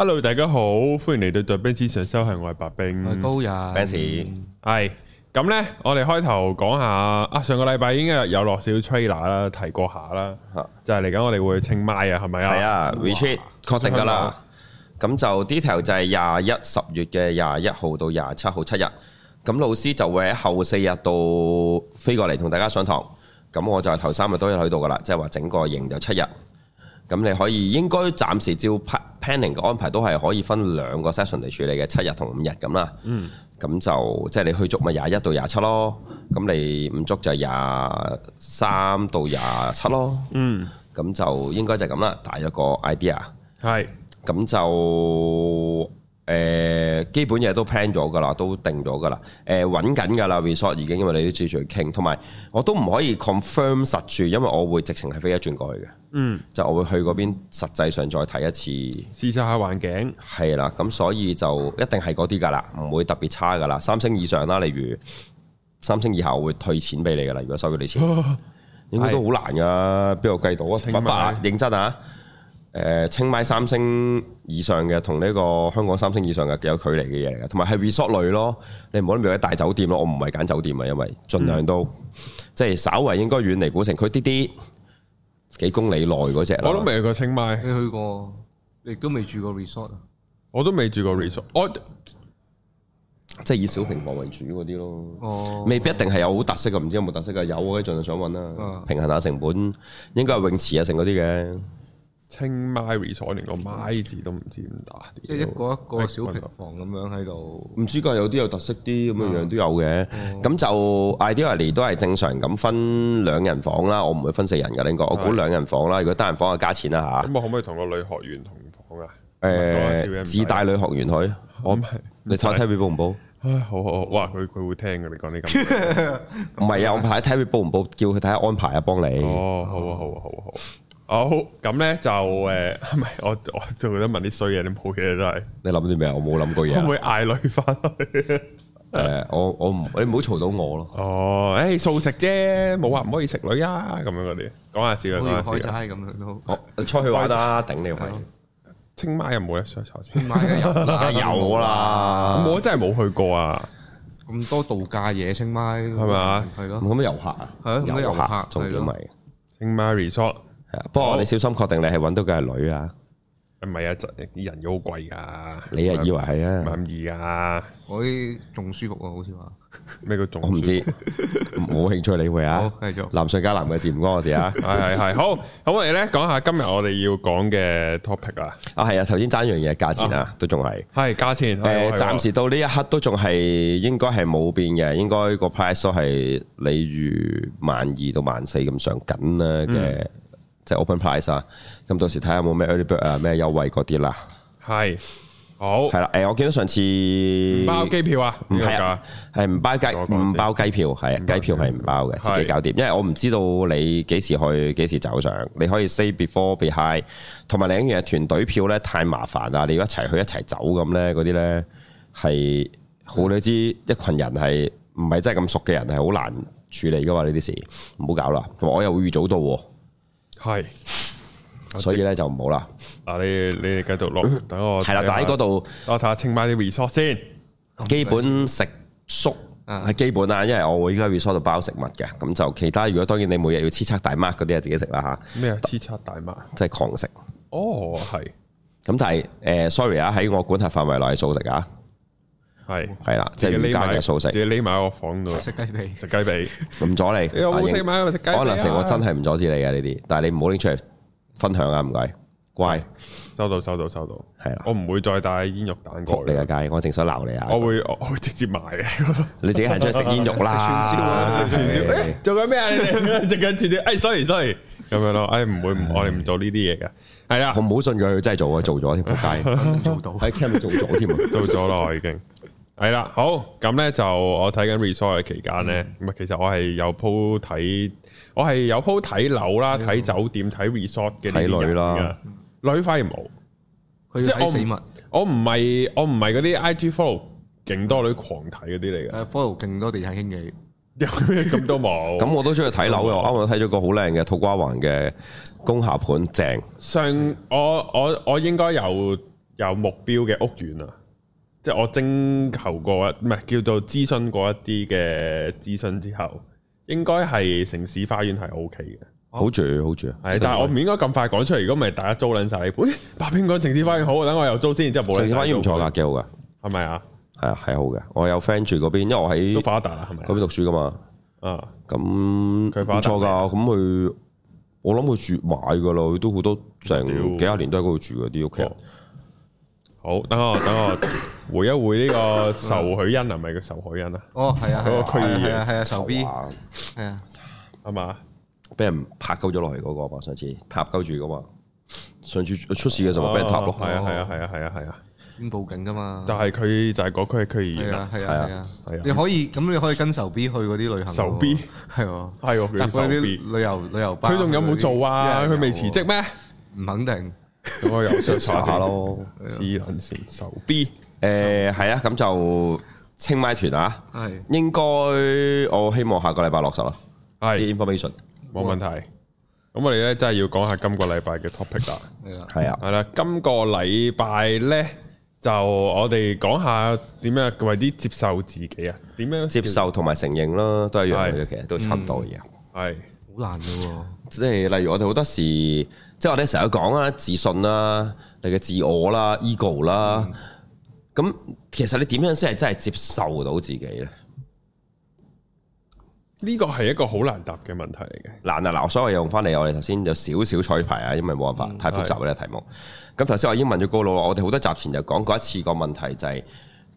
Hello，大家好，歡迎嚟到在 Benz 上修行，係我係白兵，我係高人，Benz。係咁呢，我哋開頭講下啊，上個禮拜應該有落少 trailer 啦，提過下啦，就係嚟緊我哋會清邁啊，係咪啊？係啊，retreat 確定噶啦。咁、啊、就 detail 就係廿一十月嘅廿一號到廿七號七日，咁老師就會喺後四日到飛過嚟同大家上堂。咁我就頭三日都有去到噶啦，即係話整個營就七日。咁你可以應該暫時照 planning 嘅安排，都係可以分兩個 session 嚟處理嘅，七日同五日咁啦。嗯。咁就即係你去足咪廿一到廿七咯，咁你唔足就廿三到廿七咯。嗯。咁就應該就係咁啦，大約個 idea 是。係。咁就。誒基本嘢都 plan 咗㗎啦，都定咗㗎啦。誒揾緊㗎啦，resort 已經，因為你都接住傾，同埋我都唔可以 confirm 實住，因為我會直情係飛一轉過去嘅。嗯，就我會去嗰邊實際上再睇一次，試下環境。係啦，咁所以就一定係嗰啲㗎啦，唔會特別差㗎啦。三星以上啦，例如三星以下，我會退錢俾你㗎啦。如果收咗你錢，啊、應該都好難㗎，邊度計到啊？白物認真啊！誒清邁三星以上嘅，同呢個香港三星以上嘅幾有距離嘅嘢嚟嘅，同埋係 resort 類咯。你唔好諗住喺大酒店咯，我唔係揀酒店啊，因為盡量都、嗯、即係稍微應該遠離古城區啲啲幾公里內嗰隻。我都未去過清邁，青你去過？你亦都未住過 resort res 啊？我都未住過 resort，我即係以小平房為主嗰啲咯。未必一定係有好特色嘅，唔知有冇特色嘅？有嗰啲就就想揾啦，啊、平衡下成本，應該係泳池啊，成嗰啲嘅。清邁 resort 連個邁字都唔知點打，即係一個一個小平房咁樣喺度。唔知噶有啲有特色啲咁樣樣都有嘅。咁就 ideally 都係正常咁分兩人房啦，我唔會分四人噶應該我估兩人房啦。如果單人房就加錢啦吓。咁我可唔可以同個女學員同房啊？誒，只帶女學員去，我唔係你睇下 Terry 報唔報？唉，好好好，哇，佢佢會聽嘅，你講啲咁，唔係啊，我睇下 Terry 報唔報，叫佢睇下安排啊，幫你。哦，好啊，好啊，好啊，好。好咁咧就誒，唔係我我仲想問啲衰嘢，你冇嘢都係。你諗啲咩啊？我冇諗過嘢。會唔會嗌女翻去？誒，我我唔，你唔好嘈到我咯。哦，誒，素食啫，冇話唔可以食女啊，咁樣嗰啲。講下笑，講下笑。開齋咁樣都好，出去玩啦，頂你玩。清邁有冇一箱炒錢？有啦，有啦，我真係冇去過啊。咁多度假嘢，清邁係咪啊？係咯，咁多遊客啊，係啊，咁多遊客，重點嚟。清邁 resort。不過你小心，確定你係揾到佢係女啊？唔係啊，人妖好貴噶。你啊以為係啊？唔滿意啊，我仲舒服啊，好似話咩叫仲、啊？我唔知，冇 興趣理會啊。 好，繼續。男上加男嘅事唔關我事啊。係係係，好，咁我哋咧講下今日我哋要講嘅 topic、哦、啊。啊係啊，頭先爭一樣嘢價錢啊，都仲係係價錢。誒、哎、暫、呃啊、時到呢一刻都仲係應該係冇變嘅，應該個 price 都係你如萬二到萬四咁上緊啦嘅。即係 Open Price 啊，咁到時睇下有冇咩 a 咩優惠嗰啲啦。係好係啦，誒，我見到上次包機票啊，唔係啊，係唔包雞唔包雞票，係啊，雞謝謝 票係唔包嘅，自己搞掂。的因為我唔知道你幾時去，幾時走上，你可以 say before be high，同埋另一件，團隊票咧太麻煩啊，你要一齊去一齊走咁咧，嗰啲咧係好你知。一群人係唔係真係咁熟嘅人係好難處理噶嘛？呢啲事唔好搞啦。同埋我又會預早到。係，啊、所以咧就唔好啦。嗱、啊，你你哋繼續落，等我係啦。但喺嗰度，我睇下清埋啲 resource 先。基本食宿啊，係基本啊，因為我會應該 resource 到包食物嘅。咁就其他，如果當然你每日要黐測大媽嗰啲，就自己食啦吓。咩啊？黐測大媽即係狂食。哦，係。咁就係誒，sorry 啊，喺我管轄範圍內素食啊。係，係啦，即係匿埋嘅素食，即係匿埋喺我房度食雞髀，食雞髀唔阻你，你有冇食埋？食雞？可能成我真係唔阻止你嘅呢啲，但係你唔好拎出嚟分享啊！唔該，乖，收到收到收到，係啦，我唔會再帶煙肉蛋過你嘅街，我淨想鬧你啊！我會我會直接買嘅，你自己行出去食煙肉啦，食串燒，食串燒，誒做緊咩啊？你哋做緊串燒，誒 sorry sorry，咁樣咯，誒唔會唔可以唔做呢啲嘢嘅，係啦，我唔好信佢真係做啊，做咗添仆街，做到喺 cam 做咗添，做咗咯我已經。係啦，好咁咧就我睇緊 resort 嘅期間咧，咁啊、嗯、其實我係有鋪睇，我係有鋪睇樓啦，睇、嗯、酒店，睇 resort 嘅睇女啦，女反而冇，即係死物。我唔係我唔係嗰啲 IG follow，勁多女狂睇嗰啲嚟嘅。誒，follow 勁多地產經紀，有咩咁都冇？咁我都鍾意睇樓嘅， 我啱啱睇咗個好靚嘅土瓜灣嘅公廈盤，正。嗯、上我我我應該有有目標嘅屋苑啊。即係我徵求過一唔係叫做諮詢過一啲嘅諮詢之後，應該係城市花園係 O K 嘅，好住好住。係是，但係我唔應該咁快講出嚟。如果唔係，大家租撚晒呢盤。白兵講城市花園好，等我又租先，之後冇。城市花園唔錯㗎，幾好㗎，係咪啊？係啊，係好嘅。我有 friend 住嗰邊，因為我喺都花大係咪？嗰邊讀書㗎嘛。花是是啊，咁唔那錯㗎。咁佢，我諗佢住買㗎咯。都好多成幾廿年都喺嗰度住嘅啲屋企好，等我等我回一回呢個仇栩欣係咪叫仇栩欣啊？哦，係啊，係啊，係啊，仇 B，係啊，啱嘛？俾人拍鳩咗落嚟嗰個啊，上次塌鳩住噶嘛？上次出事嘅時候俾人拍落去，係啊，係啊，係啊，係啊，係啊，要報警噶嘛？就係佢就係嗰區嘅區議員啊，係啊，係啊，係啊，你可以咁你可以跟仇 B 去嗰啲旅行，仇 B 係啊，係啊，但佢啲旅遊旅遊，佢仲有冇做啊？佢未辭職咩？唔肯定。咁我又出查下咯，智能選手 B，誒係啊，咁就清邁團啊，係應該我希望下個禮拜落實啦，係 information 冇問題，咁我哋咧真係要講下今個禮拜嘅 topic 啦，係啊，係啦，今個禮拜咧就我哋講下點樣為啲接受自己啊，點樣接受同埋承認啦，都係一樣嘅其實，都差唔多嘅嘢，係好難嘅，即係例如我哋好多時。即係我哋成日講啊，自信啦，你嘅自我啦，ego 啦，咁、e 嗯、其實你點樣先係真係接受到自己呢？呢個係一個好難答嘅問題嚟嘅。難啊，嗱，所以我用翻嚟，我哋頭先有少少彩排啊，因為冇辦法太複雜嘅題目。咁頭先我已經問咗高佬，我哋好多集前就講過一次個問題就係、是。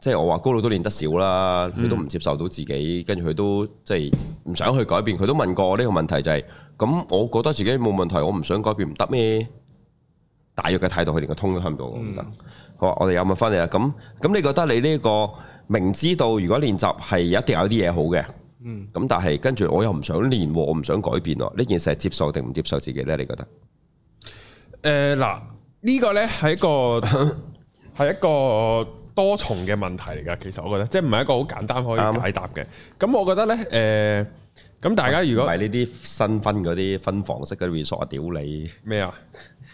即係我話高佬都練得少啦，佢都唔接受到自己，跟住佢都即係唔想去改變，佢都問過我呢個問題就係、是、咁，我覺得自己冇問題，我唔想改變唔得咩？大約嘅態度，佢連個通都行唔到，唔得。嗯、好，我哋有問翻你啦。咁咁，你覺得你呢、這個明知道如果練習係一定有啲嘢好嘅，咁、嗯、但係跟住我又唔想練，我唔想改變咯。呢件事係接受定唔接受自己呢？你覺得？誒嗱、呃、呢、這個呢係一個係一個。 多重嘅問題嚟噶，其實我覺得即係唔係一個好簡單可以解答嘅。咁吧我覺得咧，誒、呃、咁大家如果係呢啲新婚嗰啲分房式嘅 resort 屌你咩啊？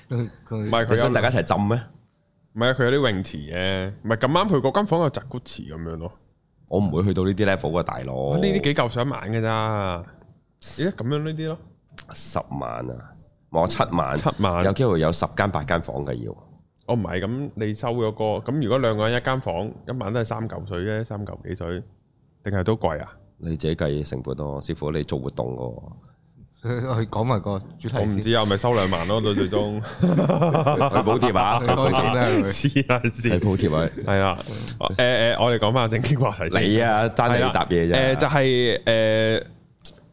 唔係佢想大家一齊浸咩？唔係啊，佢有啲泳池嘅，唔係咁啱佢嗰間房有雜骨池咁樣咯。我唔會去到呢啲 level 嘅大佬。呢啲幾嚿想一萬嘅咋？咦、哎？咁樣呢啲咯？十萬啊！我七萬，七萬有機會有十間八間房嘅要。我唔係咁，哦、你收咗個咁。如果兩個人一間房一晚都係三嚿水啫，三嚿幾水，定係都貴啊？你自己計成本咯。師傅你做活動個，佢講埋個主題我唔知啊，咪收兩萬咯，到最終係補貼啊。多謝你。黐、呃、線。係補貼佢。係啊。誒誒，我哋講翻正經話題先你啊，爭地答嘢啫。誒、呃、就係、是、誒。呃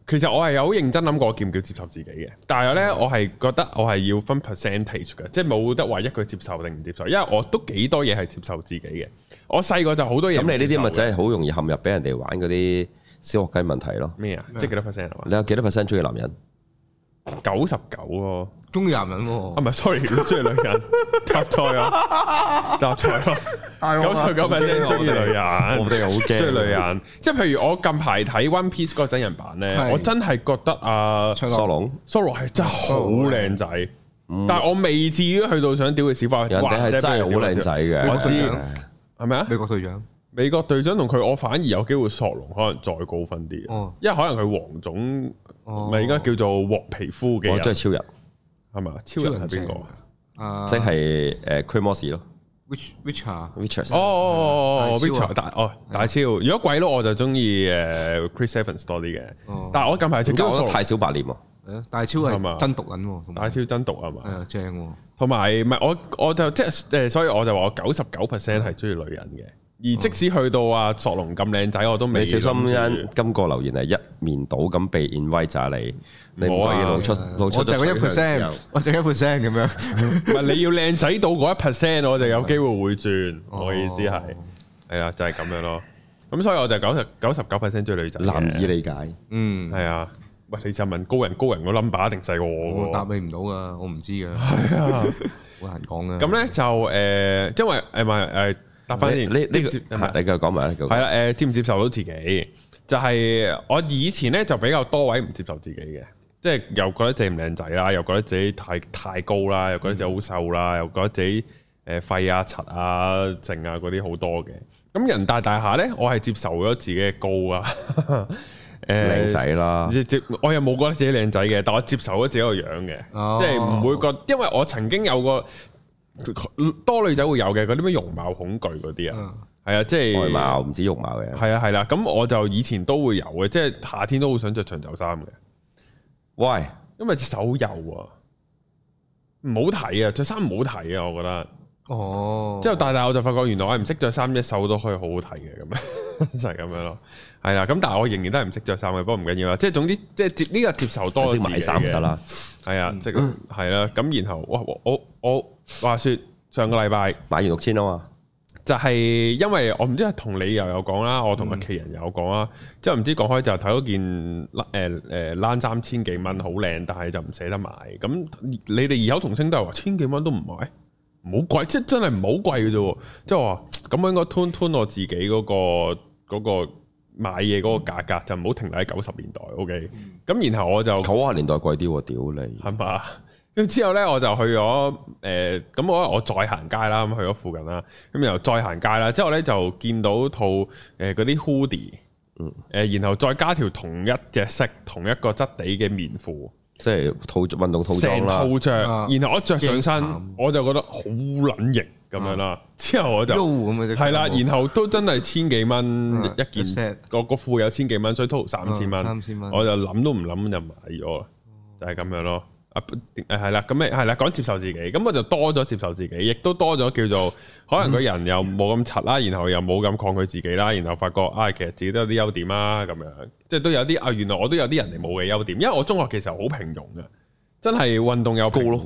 其實我係有好認真諗過，我叫唔叫接受自己嘅？但係咧，我係覺得我係要分 percentage 嘅，即係冇得話一句接受定唔接受，因為我都幾多嘢係接受自己嘅。我細個就好多嘢、嗯。咁你呢啲咪真係好容易陷入俾人哋玩嗰啲小學雞問題咯。咩啊？即係幾多 percent 係嘛？你有幾多 percent 中意男人？九十九喎，中意男人喎，啊唔係，sorry，中意女人，搭錯啊，搭錯啊，九十九咪靚中意女人，我哋又好驚，中意女人，即係譬如我近排睇 One Piece 嗰真人版咧，我真係覺得阿長髮龍，索隆係真係好靚仔，但係我未至於去到想屌佢屎忽，人哋係真係好靚仔嘅，我知係咪啊？美國隊長。美國隊長同佢，我反而有機會索隆可能再高分啲，因為可能佢黃種，唔係應該叫做黃皮膚嘅人即係超人係嘛？超人係邊個？即係誒，獵魔士咯，Witcher Witcher 啊 Witchers 哦，大超。如果鬼佬，我就中意誒 Chris Evans 多啲嘅，但係我近排就覺得太小白臉，大超係真毒人，大超真毒啊嘛，正同埋唔係我我就即係誒，所以我就話我九十九 percent 係中意女人嘅。而即使去到啊，索隆咁靚仔，我都未小心因今個留言係一面倒咁被 invite 你，你唔可以露出。我剩咗一 percent，我剩一 percent 咁樣。唔係你要靚仔到嗰一 percent，我就有機會會轉。我意思係，係啊，就係咁樣咯。咁所以我就九十九十九 percent 追女仔，難以理解。嗯，係啊。喂，你就問高人高人個 number 一定細過我。答你唔到啊，我唔知噶。係啊，好難講啊。咁咧就誒，因為誒唔係誒。但你反而呢呢你繼續接、啊、講埋啦，啦誒，接唔、呃、接受到自己？就係、是、我以前呢，就比較多位唔接受自己嘅，即係又覺得自己唔靚仔啦，又覺得自己太太高啦，又覺得自己好瘦啦，嗯、又覺得自己誒廢啊、殘、呃、啊、剩啊嗰啲好多嘅。咁人大大下呢，我係接受咗自己嘅高啊，誒 靚、呃、仔啦，我又冇覺得自己靚仔嘅，但我接受咗自己個樣嘅，即係唔會覺，因為我曾經有個。多女仔會有嘅嗰啲咩容貌恐懼嗰啲啊，係啊，即係外貌唔止容貌嘅，係啊係啦。咁、啊、我就以前都會有嘅，即係夏天都好想著長袖衫嘅。喂，因為隻手幼啊，唔好睇啊，着衫唔好睇啊，我覺得。哦，之後大大我就發覺，原來我唔識着衫，一手都可以好好睇嘅，咁樣就係、是、咁樣咯，係啦。咁但係我仍然都係唔識着衫嘅，不過唔緊要啦。即係總之，即係接呢個接、接受多啲嘅嘢嘅。買衫得啦，係啊、嗯，即係係啦。咁、嗯嗯、然後我我我話說上個禮拜買完六千啊嘛，就係因為我唔知係同你又有講啦，我同屋企人又有講啦。即係唔知講開就睇到件，誒、呃、誒、冷、呃、衫、呃、千幾蚊好靚，但係就唔捨得買。咁你哋異口同聲都係話千幾蚊都唔買。唔好貴，即真係唔好貴嘅啫。即係話咁樣，我應該吞吞我自己嗰個嗰個買嘢嗰個價格就唔好停留喺九十年代。O K，咁然後我就九十年代貴啲，屌你係嘛？咁之後咧，我就去咗誒，咁、呃、我我再行街啦，咁去咗附近啦，咁然後再行街啦，之後咧就見到套誒嗰、呃、啲 hoodie，誒、嗯呃、然後再加條同一隻色、同一個質地嘅棉褲。嗯即係套運動套裝套着，啊、然後一着上身，憚我就覺得好撚型咁樣啦。之後我就係啦，然後都真係千幾蚊一件，啊、個個褲有千幾蚊，所以套三千蚊、啊。三千蚊，我就諗都唔諗就買咗啦，就係、是、咁樣咯。啊，誒係啦，咁咪係啦，講接受自己，咁我就多咗接受自己，亦都多咗叫做，可能個人又冇咁柒啦，然後又冇咁抗拒自己啦，然後發覺啊、哎，其實自己都有啲優點啦、啊。咁樣，即係都有啲啊，原來我都有啲人哋冇嘅優點，因為我中學其實好平庸嘅，真係運動又高咯吧，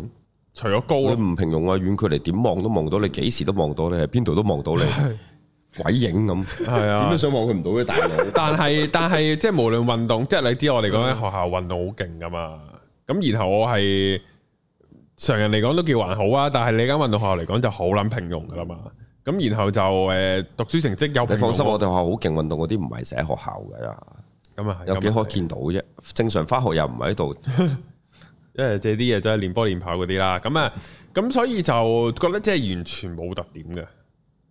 除咗高咯，你唔平庸啊，遠距離點望都望到，你幾時都望到你到，邊度都望到你，鬼影咁，係啊，點都 想望佢唔到嘅大佬。但係但係，即、就、係、是、無論運動，即係 你知我哋講喺學校運動好勁噶嘛。咁然後我係常人嚟講都叫還好啊，但係你間運動學校嚟講就好捻平庸噶啦嘛。咁然後就誒讀書成績有，你放心我哋學校好勁運動嗰啲唔係寫喺學校噶呀。咁啊有幾可見到啫？正常翻學又唔喺度，因為這啲嘢真係練波練跑嗰啲啦。咁啊咁所以就覺得即係完全冇特點嘅，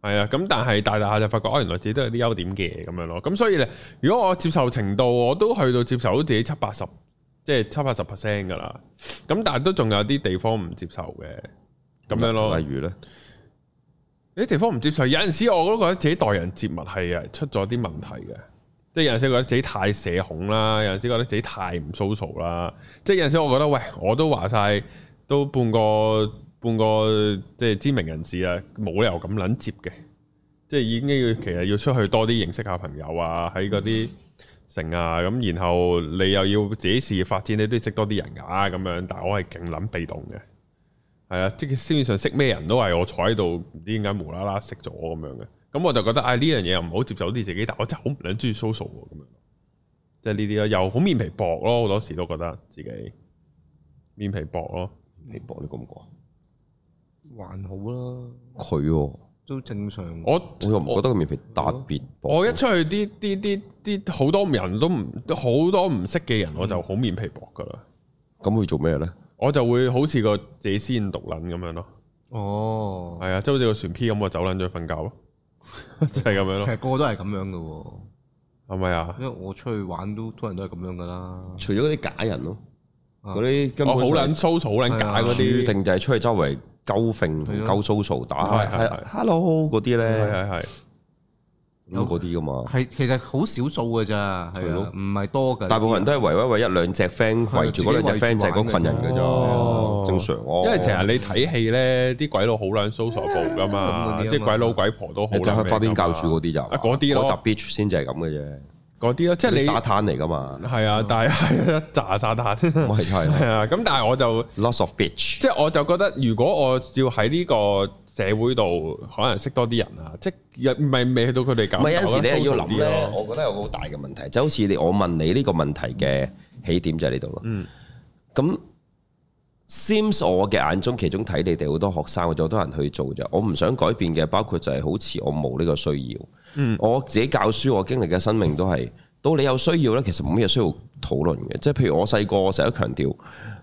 係啊。咁但係大大下就發覺哦，原來自己都有啲優點嘅咁樣咯。咁所以咧，如果我接受程度，我都去到接受到自己七八十。即係七八十 percent 噶啦，咁但係都仲有啲地方唔接受嘅，咁樣咯。例如咧，啲地方唔接受，有陣時我都覺得自己待人接物係出咗啲問題嘅，即係有陣時覺得自己太社恐啦，有陣時覺得自己太唔 social 啦，即係有陣時我覺得，喂，我都話晒都半個半個即係知名人士啊，冇理由咁捻接嘅，即係已經要其實要出去多啲認識下朋友啊，喺嗰啲。 成啊，咁、嗯、然後你又要自己事業發展，你都要識多啲人啊咁樣。但係我係勁諗被動嘅，係啊，即係生意上識咩人都係我坐喺度，唔知點解無啦啦識咗我咁樣嘅。咁我就覺得唉，呢、哎、樣嘢又唔好接受啲自己，但係我真係好唔想中意 social 喎咁樣，即係呢啲咯，又好面皮薄咯，好多時都覺得自己面皮薄咯。面皮薄你覺唔覺？還好啦。佢喎、哦。都正常。我我唔覺得個面皮特別薄。我一出去啲啲啲啲好多人都唔好多唔識嘅人，我就好面皮薄噶啦。咁會做咩咧？嗯嗯嗯、我就會好似個自己先獨撚咁樣咯。哦，係啊，即係好似個船 P 咁，我走撚咗去瞓覺咯， 就係咁樣咯。其實個個都係咁樣噶喎。係咪啊？因為我出去玩都通常都係咁樣噶啦。除咗啲假人咯，嗰啲、啊、我好撚騷吵，好撚假嗰啲，定、啊、就係出去周圍。周圍夠揈同夠 social 打，係係 hello 嗰啲，咧係係係咁嗰啲噶嘛，係其實好少數噶咋，係唔係多嘅，大部分人都係唯唯為一兩隻 friend 圍住嗰兩隻 friend 就係嗰群人嘅啫，正常。因為成日你睇戲咧啲鬼佬好捻 social 部噶嘛，啲鬼佬鬼婆都好，你就去花邊教主嗰啲就，啊嗰啲咯，嗰集 bitch 先就係咁嘅啫。嗰啲咯，即係你沙灘嚟㗎嘛？係啊，但係係一紮沙灘，係係啊。咁但係我就，loss of bitch，即係我就覺得，如果我要喺呢個社會度，可能識多啲人啊，即係唔係未去到佢哋咁，唔係有時你係要諗咧，我覺得有個好大嘅問題，就好似你我問你呢個問題嘅起點就係呢度咯。嗯，咁。seems 我嘅眼中，其中睇你哋好多學生，或者好多人去做啫。我唔想改變嘅，包括就係好似我冇呢個需要。嗯，我自己教書，我經歷嘅生命都係到你有需要咧，其實冇咩需要討論嘅。即係譬如我細個，我成日都強調，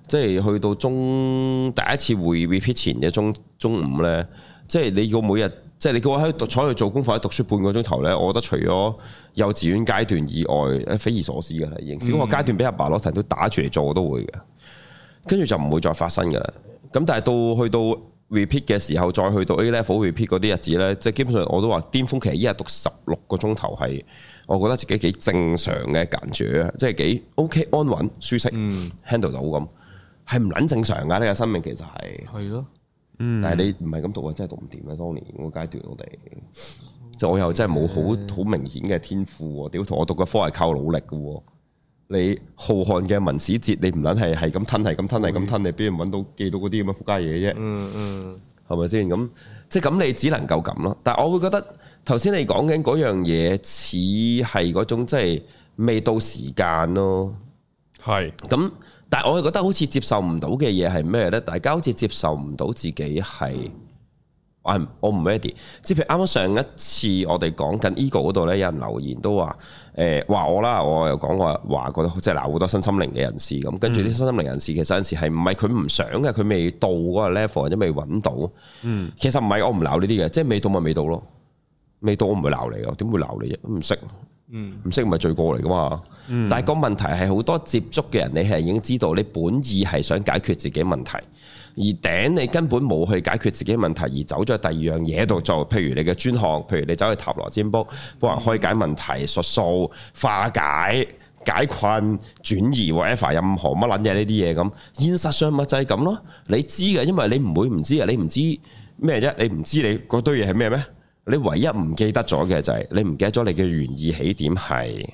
即係去到中第一次會 repeat 前嘅中中午咧，即係你要每日，即係你叫我喺坐喺度做功課，喺讀書半個鐘頭咧。我覺得除咗幼稚園階段以外，匪夷所思嘅，已經小學階段俾阿爸攞齊都打住嚟做我都會嘅。跟住就唔會再發生噶啦，咁但係到去到 repeat 嘅時候，再去到 A level repeat 嗰啲日子呢，即係基本上我都話巔峰期一日讀十六個鐘頭係，我覺得自己幾正常嘅感覺即係幾 OK 安穩舒適、嗯、handle 到咁，係唔捻正常噶。呢個生命其實係係咯，嗯、但係你唔係咁讀啊，真係讀唔掂啊！當年嗰個階段我哋，就、嗯、我又真係冇好好明顯嘅天賦，屌，同我讀嘅科係靠努力噶。你浩瀚嘅文史哲，你唔撚係係咁吞，係咁吞，係咁吞，你邊人揾到寄到嗰啲咁嘅仆街嘢啫？嗯嗯，係咪先？咁即係咁，你只能夠咁咯。但係我會覺得，頭先你講緊嗰樣嘢，似係嗰種即係未到時間咯。係咁是，但係我係覺得好似接受唔到嘅嘢係咩呢？大家好似接受唔到自己係。我唔，ready。即係譬如啱啱上一次我哋講緊 ego 嗰度咧，有人留言都話，誒、欸、話我啦，我又講我話，覺得即係鬧好多新心靈嘅人士咁，跟住啲新心靈人士其實有陣時係唔係佢唔想嘅，佢未到嗰個 level 或者未揾到。嗯、其實唔係我唔鬧呢啲嘅，即係未到咪未到咯，未到我唔會鬧你噶，點會鬧你啫？唔識，唔識咪罪過嚟噶嘛。但係個問題係好多接觸嘅人，你係已經知道，你本意係想解決自己問題。而頂你根本冇去解決自己問題，而走咗第二樣嘢度做，譬如你嘅專項，譬如你走去塔羅占卜，幫人開解問題、述數化解、解困、轉移或 h 任何乜撚嘢呢啲嘢咁。現實上咪就係咁咯，你知嘅，因為你唔會唔知啊，你唔知咩啫，你唔知你嗰堆嘢係咩咩，你唯一唔記得咗嘅就係、是、你唔記得咗你嘅原意起點係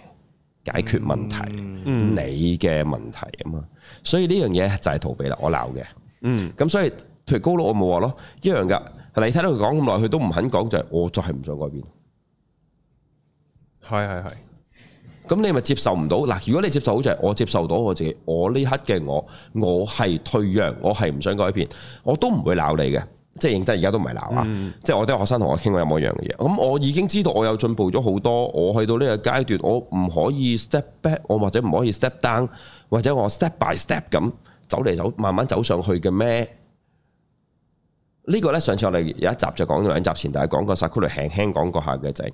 解決問題，嗯嗯、你嘅問題啊嘛，所以呢樣嘢就係逃避啦，我鬧嘅。嗯，咁所以譬如高佬我冇話咯，一樣噶。你睇到佢講咁耐，佢都唔肯講，就係我就係唔想改變。係係係。咁你咪接受唔到？嗱，如果你接受到就係我接受到我自己，我呢刻嘅我，我係退讓，我係唔想改變，我都唔會鬧你嘅。即係認真，而家都唔係鬧啊。即係我啲學生同我傾過一模一樣嘅嘢。咁我已經知道我有進步咗好多。我去到呢個階段，我唔可以 step back，我或者唔可以 step down，或者我 step by step 咁。走嚟走，慢慢走上去嘅咩？這個、呢個咧，上次我哋有一集就講，兩集前大家講過，Sakura 輕輕講過下嘅就係，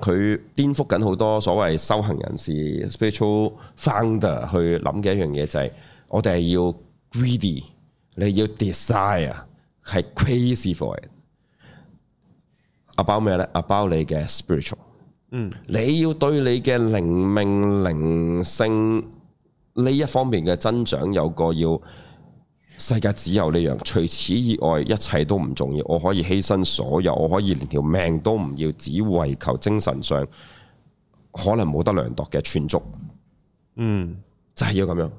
佢顛覆緊好多所謂修行人士 spiritual founder 去諗嘅一樣嘢就係、是，我哋係要 greedy，你要 desire，係 crazy for it about。about 咩咧？about 你嘅 spiritual，嗯，你要對你嘅靈命、靈性。呢一方面嘅增長有個要世界只有呢樣，除此以外一切都唔重要。我可以犧牲所有，我可以連條命都唔要，只為求精神上可能冇得量度嘅存續。嗯，就係要咁樣，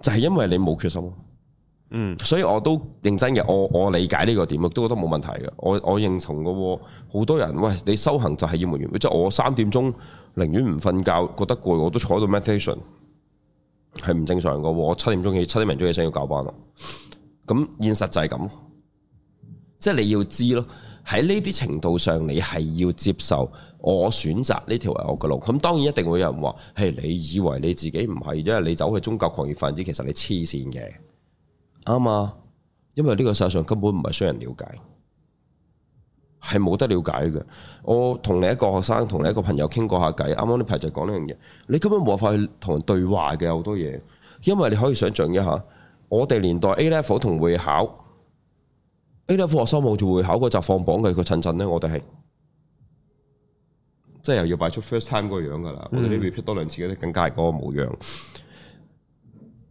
就係、是、因為你冇決心。嗯，所以我都認真嘅，我我理解呢個點，我都覺得冇問題嘅。我我認同嘅，好多人喂，你修行就係要員員，即、就、係、是、我三點鐘寧願唔瞓覺，覺得攰，我都坐到 meditation。係唔正常噶，我七點鐘起，七點零鐘起身要教班咯。咁現實就係咁，即係你要知咯。喺呢啲程度上，你係要接受我選擇呢條係我嘅路。咁當然一定會有人話，係你以爲你自己唔係，因爲你走去宗教狂熱分子，其實你黐線嘅，啱嘛吧？因爲呢個世界上根本唔係需有人了解。係冇得了解嘅。我同你一個學生，同你一個朋友傾過下偈。啱啱呢排就講呢樣嘢。你根本冇法去同人對話嘅好多嘢，因為你可以想象一下，我哋年代 A level 同會考，A level 學生望住會考嗰集放榜嘅，嗰個陣陣咧，我哋係，即係又要擺出 first time 嗰個樣噶啦。嗯、我哋 repeat 多兩次咧，更加係嗰個模樣。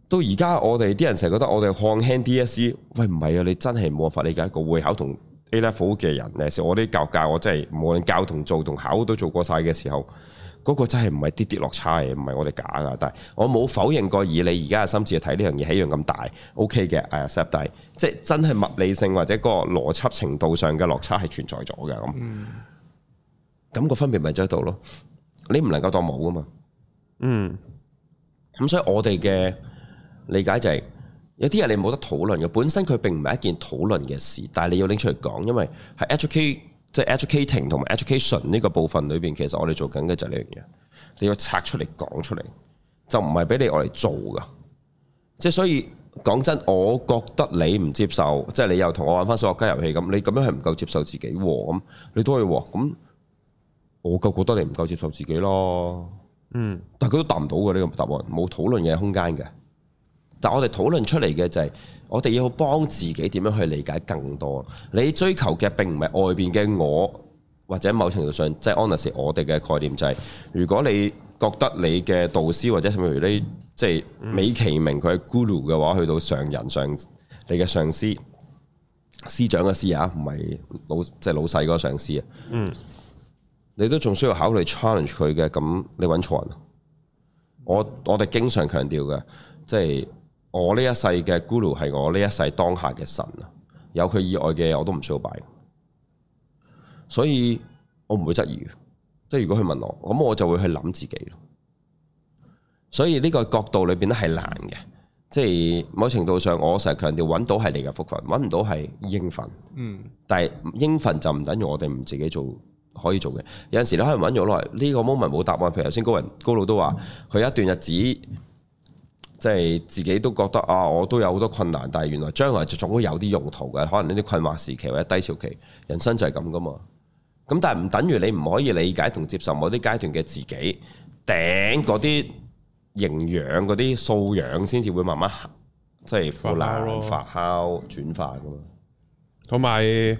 到而家我哋啲人成日覺得我哋看輕 DSE，喂唔係啊，你真係冇法理解一個會考同。A level 嘅人，成日我啲教教，我真係無論教同做同考都做過晒嘅時候，嗰個真係唔係啲啲落差嘅，唔係我哋假噶。但係我冇否認過，以你而家嘅心智去睇呢樣嘢，係一樣咁大 OK 嘅。誒 set up 低，即係真係物理性或者個邏輯程度上嘅落差係存在咗嘅。咁，咁個分別咪就喺度咯？你唔能夠當冇啊嘛。嗯。咁所以，我哋嘅理解就係。有啲嘢你冇得討論嘅，本身佢並唔係一件討論嘅事，但係你要拎出嚟講，因為係 educate 即係 educating 同埋 education 呢個部分裏邊，其實我哋做緊嘅就係呢樣嘢，你要拆出嚟講出嚟，就唔係俾你我嚟做噶。即係所以講真，我覺得你唔接受，即係你又同我玩翻小學雞遊戲咁，你咁樣係唔夠接受自己喎。咁你都係喎，咁我個覺得你唔夠接受自己咯。嗯，但係佢都答唔到嘅呢個答案，冇討論嘅空間嘅。但我哋討論出嚟嘅就係，我哋要幫自己點樣去理解更多。你追求嘅並唔係外邊嘅我，或者某程度上，即係 oneness 我哋嘅概念就係，如果你覺得你嘅導師或者甚至乎呢，即係美其名佢係 guru 嘅話，去到上人上你嘅上司、師長嘅師啊，唔係老即係老細嗰個上司啊。嗯，你都仲需要考慮 challenge 佢嘅，咁你揾錯人。我我哋經常強調嘅，即係。我呢一世嘅 Guru 係我呢一世當下嘅神啊，有佢以外嘅我都唔需要拜，所以我唔會質疑。即係如果佢問我，咁我就會去諗自己咯。所以呢個角度裏邊咧係難嘅，即係某程度上我成日強調揾到係你嘅福分，揾唔到係應份。嗯，但係應份就唔等於我哋唔自己做可以做嘅。有陣時咧可能揾咗耐，呢個 moment 冇答案。譬如頭先高人高佬都話，佢有一段日子。即係自己都覺得啊，我都有好多困難，但係原來將來就總會有啲用途嘅。可能呢啲困惑時期或者低潮期，人生就係咁㗎嘛。咁但係唔等於你唔可以理解同接受某啲階段嘅自己，頂嗰啲營養嗰啲素養先至會慢慢，即係腐爛發酵轉化㗎嘛。同埋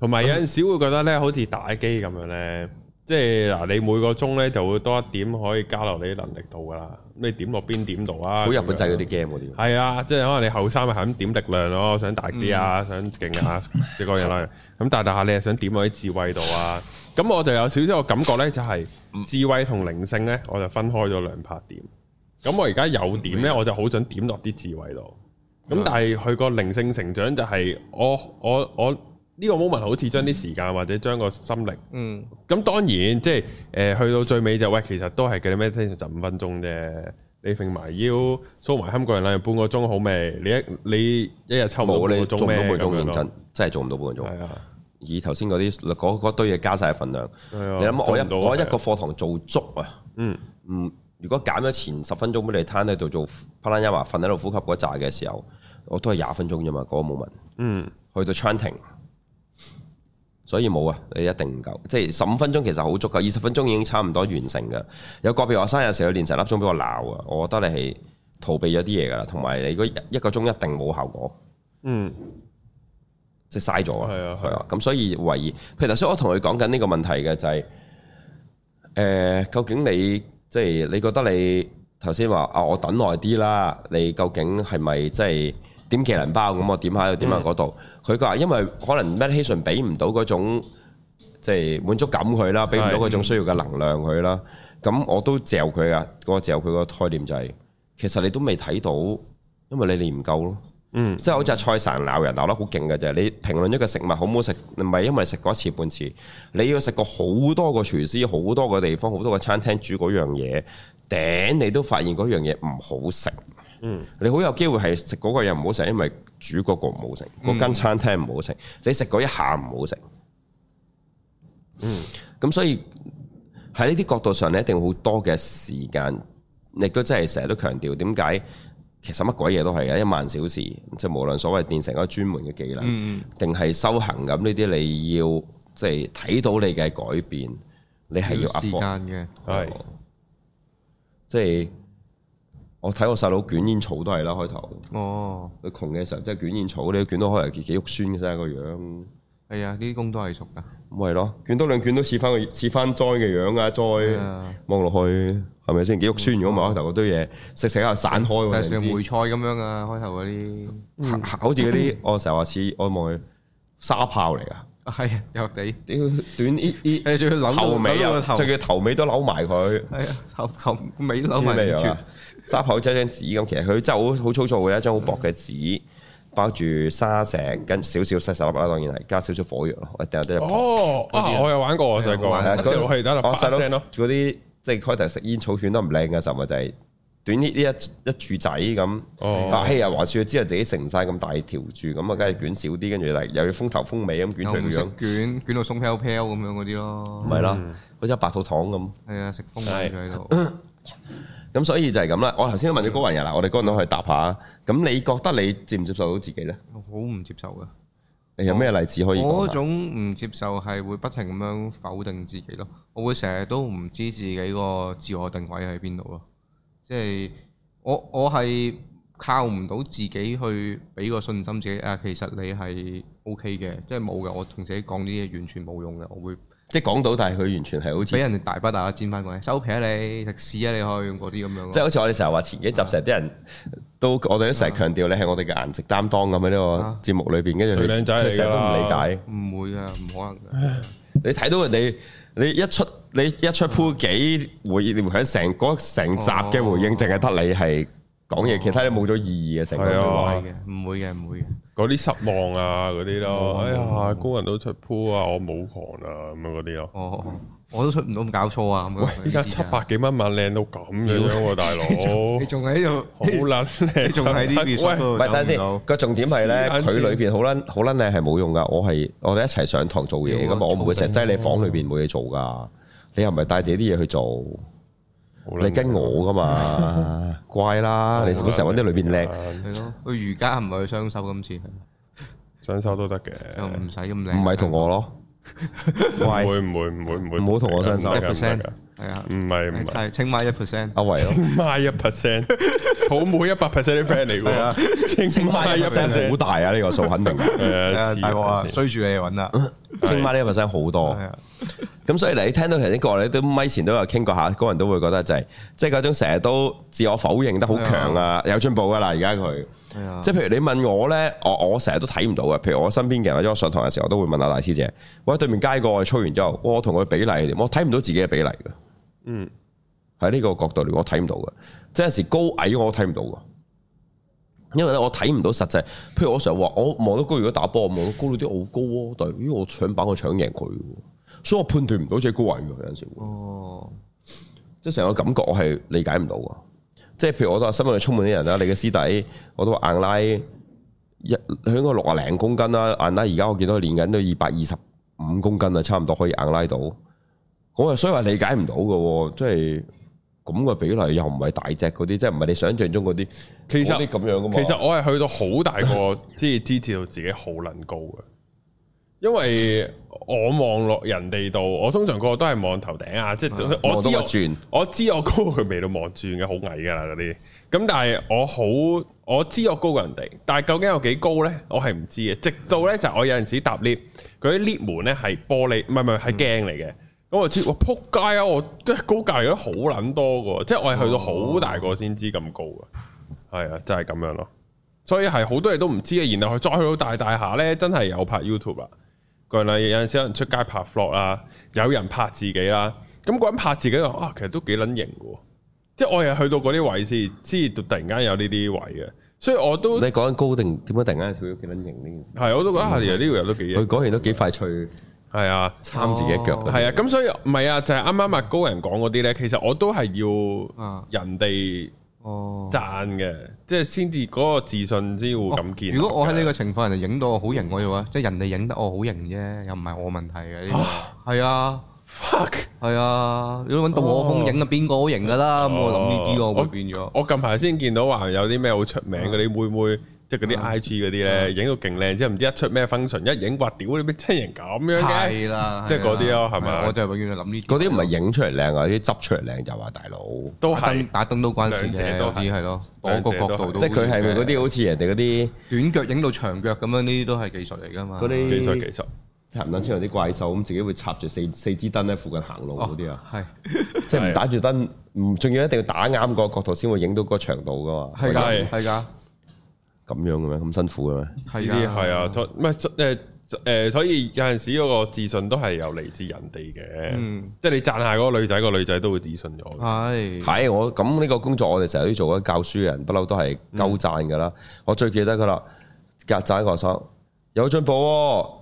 同埋有陣時會覺得咧，好似打機咁樣咧。即係嗱，你每個鐘咧就會多一點可以交流你啲能力度㗎啦。咁你點落邊點度啊？好日本仔嗰啲 game 喎，點樣？係啊，即係可能你後生係肯點力量咯，想大啲啊，嗯、想勁嘅嚇，一個人啦。咁大大下，你係想點落啲智慧度啊？咁我就有少少個感覺咧，就係智慧同靈性咧，我就分開咗兩拍點。咁我而家有點咧，我就好想點落啲智慧度。咁但係佢個靈性成長就係我我我。我我我呢個 moment 好似將啲時間或者將個心靈，咁當然即係誒去到最尾就喂，其實都係叫你咩聽十五分鐘啫。你揈埋腰，梳埋冚個人啦，用半個鐘好未？你一你一日抽唔到半個鐘咩？真係做唔到半個鐘。以頭先嗰啲嗰堆嘢加晒份量，你諗我一我一個課堂做足啊？嗯嗯，如果減咗前十分鐘俾你攤喺度做，趴撚一劃，瞓喺度呼吸嗰紮嘅時候，我都係廿分鐘啫嘛。嗰個 moment 嗯，去到 chanting。所以冇啊，你一定唔夠，即係十五分鐘其實好足夠，二十分鐘已經差唔多完成㗎。有個別學生有時候練成粒鐘俾我鬧啊，我覺得你係逃避咗啲嘢㗎，同埋你嗰一個鐘一定冇效果，嗯，即係嘥咗啊，係啊，係啊，咁所以懷疑。譬如頭先我同佢講緊呢個問題嘅就係、是，誒、呃，究竟你即係、就是、你覺得你頭先話啊，我等耐啲啦，你究竟係咪即係？就是點技能包咁我點下又點下嗰度，佢、佢話因為可能 meditation 俾唔到嗰種即係滿足感佢啦，俾唔到嗰種需要嘅能量佢啦，咁、嗯、我都嚼佢啊，嗰嚼佢個概念就係、是，其實你都未睇到，因為你練唔夠咯，嗯即，即係好似阿蔡神鬧人鬧得好勁嘅就係你評論一個食物好唔好食，唔係因為你食過一次半次，你要食過好多個廚師、好多個地方、好多個餐廳煮嗰樣嘢，頂你都發現嗰樣嘢唔好食。嗯，你有機好有機會係食嗰個又唔好食，因為煮嗰個唔好食，嗰間、嗯、餐廳唔好食，你食嗰一下唔好食。嗯，咁所以喺呢啲角度上你一定好多嘅時間，亦都真係成日都強調，點解其實乜鬼嘢都係啊？一萬小時，即、就、係、是、無論所謂變成一個專門嘅技能，定係、嗯、修行咁呢啲，你要即係睇到你嘅改變，你係要，要時間嘅，係，即係。我睇我細佬捲煙草都係啦，開頭。哦。佢窮嘅時候即係捲煙草，你捲到開頭幾幾肉酸嘅，真係個樣。係啊，啲工都係熟噶。唔係咯，捲多兩捲都似翻，似翻栽嘅樣啊！栽望落去係咪先幾肉酸咗嘛？開頭嗰堆嘢食食下散開，好似梅菜咁樣啊！開頭嗰啲，好似嗰啲我成日話似我望佢沙炮嚟㗎。係，弱地屌短啲啲，誒仲要扭頭尾即係佢頭尾都扭埋佢。係啊，頭頭尾扭埋住。沙口即係張紙咁，其實佢真係好好粗糙嘅一張好薄嘅紙包住沙石，跟少少細沙粒啦，當然係加少少火藥咯。我第日都有。啊，我有玩過，我細個嗰啲即係開頭食煙草捲都唔靚嘅時候咪就係短啲呢一一柱仔咁。哦，啊，嘿啊，話說，之後自己食唔晒咁大條柱，咁啊，梗係捲少啲，跟住又要風頭風尾咁捲咁樣。捲捲到鬆飄飄咁樣嗰啲咯，唔係咯，好似白兔糖咁。係啊，食風味喺度。咁所以就係咁啦。我頭先都問咗高雲人啦，我哋高雲人去答下。咁你覺得你接唔接受到自己呢？我好唔接受呀。你有咩例子可以？我種唔接受係會不停咁樣否定自己咯。我會成日都唔知自己個自我定位喺邊度咯。即係我我係靠唔到自己去俾個信心自己。啊，其實你係 OK 嘅，即係冇嘅。我同自己講啲嘢完全冇用嘅。我會。即係講到，但係佢完全係好似俾人哋大把大把煎翻過嚟，收皮啊你，食屎啊你去嗰啲咁樣。即係好似我哋成日話前幾集成日啲人都，我哋都成日強調你係我哋嘅顏值擔當咁喺呢個節目裏邊，跟住佢靚仔成日都唔理解。唔會噶，唔可能。你睇到人哋，你一出你一出鋪幾回響成個成集嘅回應，淨係得你係。講嘢，其他都冇咗意義嘅，成日都咁嘅，唔會嘅，唔會嘅，嗰啲失望啊，嗰啲咯，哎呀，工人都出鋪啊，我冇狂啊，咁啊嗰啲啊，哦，我都出唔到，咁搞錯啊，依家七百幾蚊萬靚到咁樣啊，大佬，你仲喺度好撚靚，仲喺呢邊，喂，唔係，等下先，個重點係咧，佢裏邊好撚好撚靚係冇用噶，我係我哋一齊上堂做嘢，咁我唔會成日擠你房裏邊冇嘢做噶，你又唔係帶自己啲嘢去做？你跟我噶嘛，乖啦，你成日揾啲裏面靚。係咯，佢瑜伽唔係佢雙手咁似，雙手都得嘅。就唔使咁靚，唔係同我咯，唔會唔會唔會唔會，唔好同我雙手嘅。係、哎、啊，唔係唔係，清邁一 percent，阿偉咯，清邁一 percent，草莓一百 percent 啲 friend 嚟喎，係 啊，清邁一 percent，好大啊，呢個數肯定，誒，大哥、 嗯哎、啊，追住你揾啦，清邁呢一 percent 好多，咁、 嗯哎、所以你聽到其實啲國內啲咪前都有傾過下，個人都會覺得就係、是，即係嗰種成日都自我否認得好強啊，哎、呀有進步噶啦而家佢，哎、呀即係譬如你問我咧，我我成日都睇唔到嘅，譬如我身邊嘅人或者我上堂嘅時候，都會問下大師姐，喂，喺對面街過，我操完之後，我同佢比例我睇唔到自己嘅比例嘅。嗯，喺呢個角度嚟，我睇唔到嘅，即係有時高矮我都睇唔到嘅，因為咧我睇唔到實際。譬如我成日話，我望到高如果打波，我望到高啲啲好高喎，但係，咦我搶板我搶贏佢，所以我判斷唔到只高矮嘅有陣時。哦，即係成個感覺我係理解唔到嘅。即係譬如我都話身邊充滿啲人啦，你嘅師弟我都話硬拉一，響個六廿零公斤啦，硬拉而家我見到佢練緊都二百二十五公斤啊，差唔多可以硬拉到。我係，所以話理解唔到嘅，即係咁個比例又唔係大隻嗰啲，即係唔係你想象中嗰啲，其實啲咁樣噶嘛。其實我係去到好大個，先至 支持到自己好能高嘅。因為我望落人哋度，我通常個個都係望頭頂啊，即係我知我轉，啊、我知我高佢未到望轉嘅，好矮噶啦嗰啲。咁但係我好，我知我高過人哋，但係究竟有幾高咧？我係唔知嘅。直到咧就是、我有陣時搭 lift，佢啲 lift 門咧係玻璃，唔係唔係係鏡嚟嘅。咁我知，我撲街啊！我跟高價都好捻多噶，哦、即係我係去到好大個先知咁高噶，係啊、哦，就係咁樣咯。所以係好多嘢都唔知啊。然後佢再去到大大下咧，真係有拍 YouTube 啦，嗰陣有陣時有人出街拍 Vlog 啊，有人拍自己啦。咁個人拍自己啊，其實都幾捻型噶。即係我又去到嗰啲位先，先突然間有呢啲位嘅。所以我都你講緊高定點解突然間跳咗幾捻型呢件事？係我都覺得其實呢、嗯呢個人都幾，佢講完都幾快脆。係啊，參自己腳都係、哦、啊，咁所以唔係啊，就係啱啱麥高人講嗰啲咧，其實我都係要人哋贊嘅，即係先至嗰個自信先會咁健、哦。如果我喺呢個情況，人哋影到我好型我嘅話，即係、就是、人哋影得我好型啫，又唔係我問題嘅。係啊，fuck 係啊，如果揾《盜我風影》啊，邊個好型噶啦？咁、哦、我諗呢啲我會變咗。我近排先見到話有啲咩好出名嘅，嗯、你會唔會？即係嗰啲 I G 嗰啲咧，影到勁靚即係，唔知一出咩 function，一影哇，屌你咩真人咁樣嘅？係啦，即係嗰啲咯，係咪？我就係永遠諗呢啲。嗰啲唔係影出嚟靚啊，啲執出嚟靚就話大佬。都係打燈都關事嘅，多啲係咯，多個角度。即係佢係咪嗰啲好似人哋嗰啲短腳影到長腳咁樣？呢啲都係技術嚟㗎嘛。嗰啲技術技術，差唔多似埋啲怪獸咁，自己會插住四四支燈喺附近行路嗰啲啊。係即係唔打住燈，唔仲要一定要打啱個角度先會影到嗰個長度㗎嘛？係係係㗎。咁樣嘅咩？咁辛苦嘅咩？呢啲係啊，係誒誒，所以有陣時嗰個自信都係有嚟自人哋嘅，嗯、即係你讚下嗰個女仔，個女仔都會自信咗。係係的我咁呢個工作，我哋成日都做緊教書人，不嬲都係鳩讚嘅啦。嗯、我最記得嘅啦，夾讚學生有進步、哦。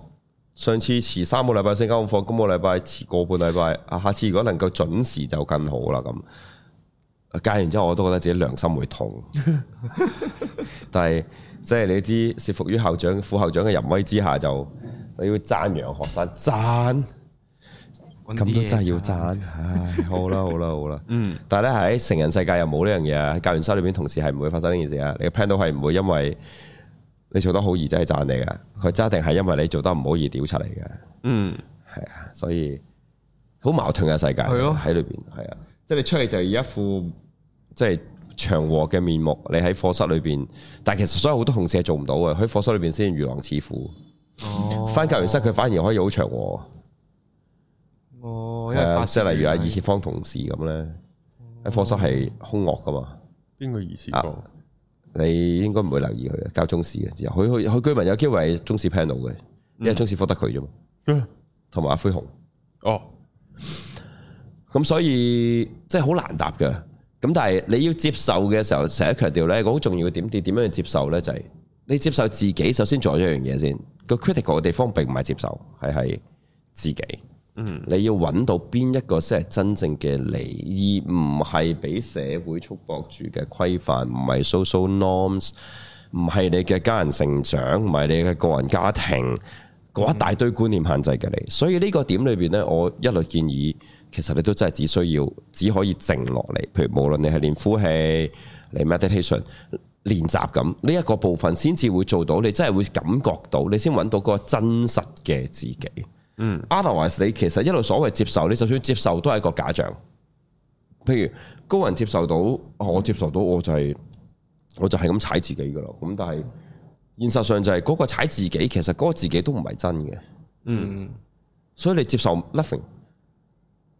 上次遲三個禮拜先交功課，今個禮拜遲個半禮拜。啊，下次如果能夠準時就更好啦咁。教完之後我都覺得自己良心會痛， 但係即係你知，懾服於校長、副校長嘅淫威之下，就你要讚揚學生讚，咁都真係要讚。 唉，好啦好啦好啦。好嗯，但係咧喺成人世界又冇呢樣嘢啊，教員室裏邊同事係唔會發生呢件事啊。你聽到係唔會，因為你做得好而真係讚你嘅，佢揸定係因為你做得唔好而屌出嚟嘅。嗯，係啊，所以好矛盾嘅世界喺裏邊，係啊，啊即係你出嚟就一副。即係祥和嘅面目，你喺課室裏邊，但係其實所有好多同事係做唔到嘅，喺課室裏邊先如狼似虎。翻、哦、教員室佢反而可以好祥和。哦，即係、啊、例如啊，二次方同事咁咧，喺課、哦、室係凶惡噶嘛？邊個二次方？你應該唔會留意佢嘅教中史嘅，之後佢去佢居民有機會係中史 panel 嘅，因為中史科得佢啫嘛，同埋、嗯、阿灰熊。哦，咁 所以即係好難答嘅。咁但係你要接受嘅時候，成日強調呢個好重要嘅點，點點樣去接受呢？就係、是、你接受自己，首先做咗一樣嘢先。個 critical 嘅地方並唔係接受，係係自己。嗯，你要揾到邊一個先係真正嘅你，而唔係俾社會束縛住嘅規範，唔係 social norms，唔係你嘅家人成長，唔係你嘅個人家庭嗰一大堆觀念限制嘅你。所以呢個點裏邊呢，我一律建議。其實你都真係只需要，只可以靜落嚟。譬如無論你係練呼吸、嚟 meditation 練習咁，呢一、這個部分先至會做到。你真係會感覺到，你先揾到嗰個真實嘅自己。嗯，otherwise 你其實一路所謂接受，你就算接受都係一個假象。譬如高人接受到，哦、我接受到，我就係、是、我就係咁踩自己噶啦。咁但係，現實上就係嗰個踩自己，其實嗰個自己都唔係真嘅。嗯，所以你接受 nothing。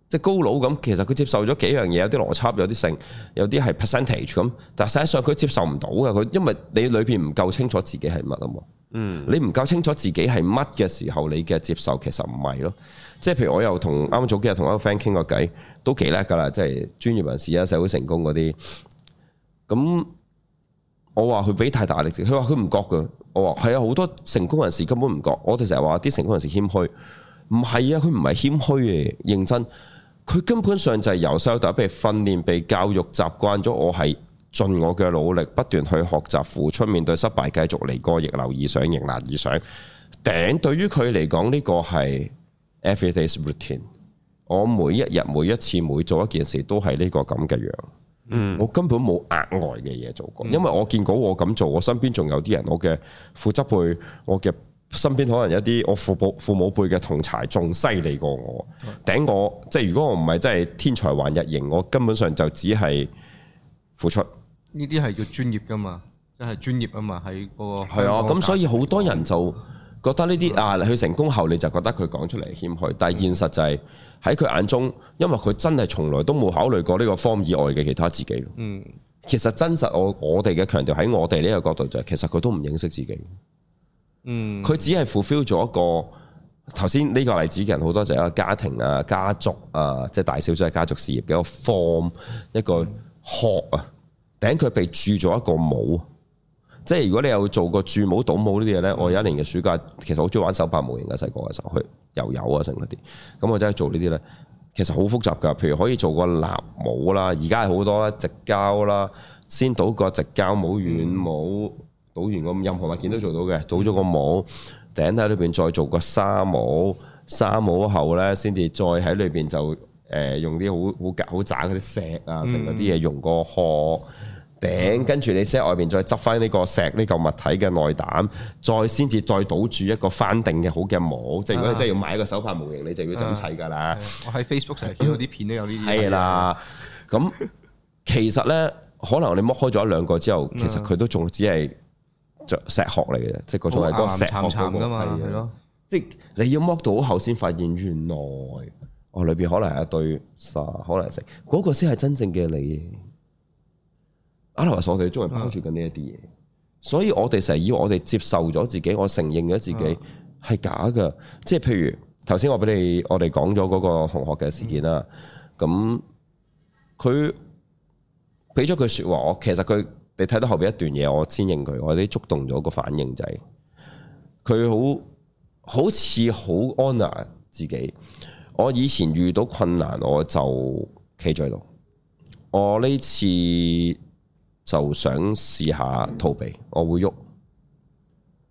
即係高佬咁，其實佢接受咗幾樣嘢，有啲邏輯，有啲性，有啲係 percentage 咁。但係實際上佢接受唔到嘅，佢因為你裏邊唔夠清楚自己係乜啊嘛。嗯，你唔夠清楚自己係乜嘅時候，你嘅接受其實唔係咯。即係譬如我又同啱啱早幾日同一個 friend 傾個偈，都幾叻噶啦，即係專業人士啊，社會成功嗰啲。咁我話佢俾太大力，佢話佢唔覺嘅。我話係啊，好多成功人士根本唔覺。我哋成日話啲成功人士謙虛，唔係啊，佢唔係謙虛嘅，認真。佢根本上就係由細到大，被訓練、被教育、習慣咗，我係盡我嘅努力，不斷去學習、付出、面對失敗、繼續嚟過，逆流而上、迎難而上。頂，對於佢嚟講，呢、呢個係 everyday's routine。我每一日、每一次、每做一件事都，都係呢個咁嘅樣。嗯，我根本冇額外嘅嘢做過，因為我見到我咁做，我身邊仲有啲人，我嘅負責佢，我嘅。身邊可能有一啲我父母父母輩嘅同儕仲犀利過我，嗯、頂我即係、就是、如果我唔係真係天才橫溢型，我根本上就只係付出。呢啲係叫專業噶嘛，即、就、係、是、專業啊嘛，喺嗰個係啊。咁所以好多人就覺得呢啲、嗯、啊，佢成功後你就覺得佢講出嚟謙虛，但係現實就係喺佢眼中，因為佢真係從來都冇考慮過呢個方面以外嘅其他自己。嗯，其實真實我我哋嘅強調喺我哋呢個角度就係，其實佢都唔認識自己。嗯，佢只係 fulfill 咗一個頭先呢個例子嘅人好多就係一個家庭啊、家族啊，即係大小小嘅家族事業嘅一個 form，一個殼啊，頂佢被注咗一個帽。即係如果你有做過注帽、倒帽呢啲嘢呢，我有一年嘅暑假，其實好中意玩手拍模型嘅細個嘅時候去遊遊等等，去油油啊成嗰啲，咁我真係做呢啲呢，其實好複雜噶。譬如可以做個立帽啦，而家係好多啦，直交啦，先倒個直交帽、軟帽。倒完個任何物件都做到嘅，倒咗個模頂喺裏邊，再做個沙模，沙模後呢，先至再喺裏邊就誒用啲好好夾好鏘嗰啲石啊，成嗰啲嘢用個殼、嗯、頂，跟住你先喺外邊再執翻呢個石呢嚿物體嘅內膽，再先至再倒住一個翻定嘅好嘅模。啊、即係如果你真係要買一個手拍模型，你就要整齊㗎啦。我喺 Facebook 成日見到啲片都有呢啲嘢啦，咁其實呢，可能你剝開咗一兩個之後，其實佢都仲只係。就石殼嚟嘅，即係個所謂個石殼咁樣。係咯，即係你要剝到後先發現原來哦，裏邊可能係一堆沙，可能係石，嗰、那個先係真正嘅你。阿羅話，我哋中係包住緊呢一啲嘢，所以我哋成日以為我哋接受咗自己，我承認咗自己係假嘅。即係譬如頭先我俾你，我哋講咗嗰個同學嘅事件啦，咁佢俾咗句説話，我其實佢。你睇到後邊一段嘢，我先認佢，我啲觸動咗個反應仔。佢好好似好安 o 自己。我以前遇到困難，我就企在度。我呢次就想試下逃避，我會喐，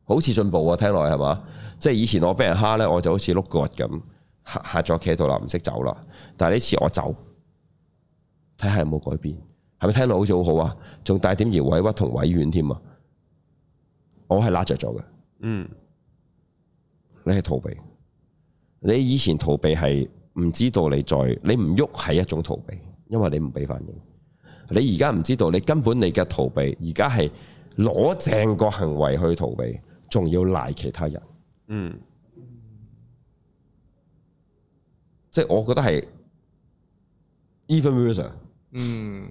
好似進步啊！聽來係嘛？即係以前我俾人蝦呢，我就好似碌腳咁，下下咗企喺度啦，唔識走啦。但係呢次我走，睇下有冇改變。係咪聽到好似好好啊？仲帶點而委屈同委婉添啊！我係拉着咗嘅，嗯，你係逃避，你以前逃避係唔知道你在，你唔喐係一種逃避，因為你唔俾反應。你而家唔知道，你根本你嘅逃避，而家係攞正個行為去逃避，仲要賴其他人，嗯，即係我覺得係 even 嗯。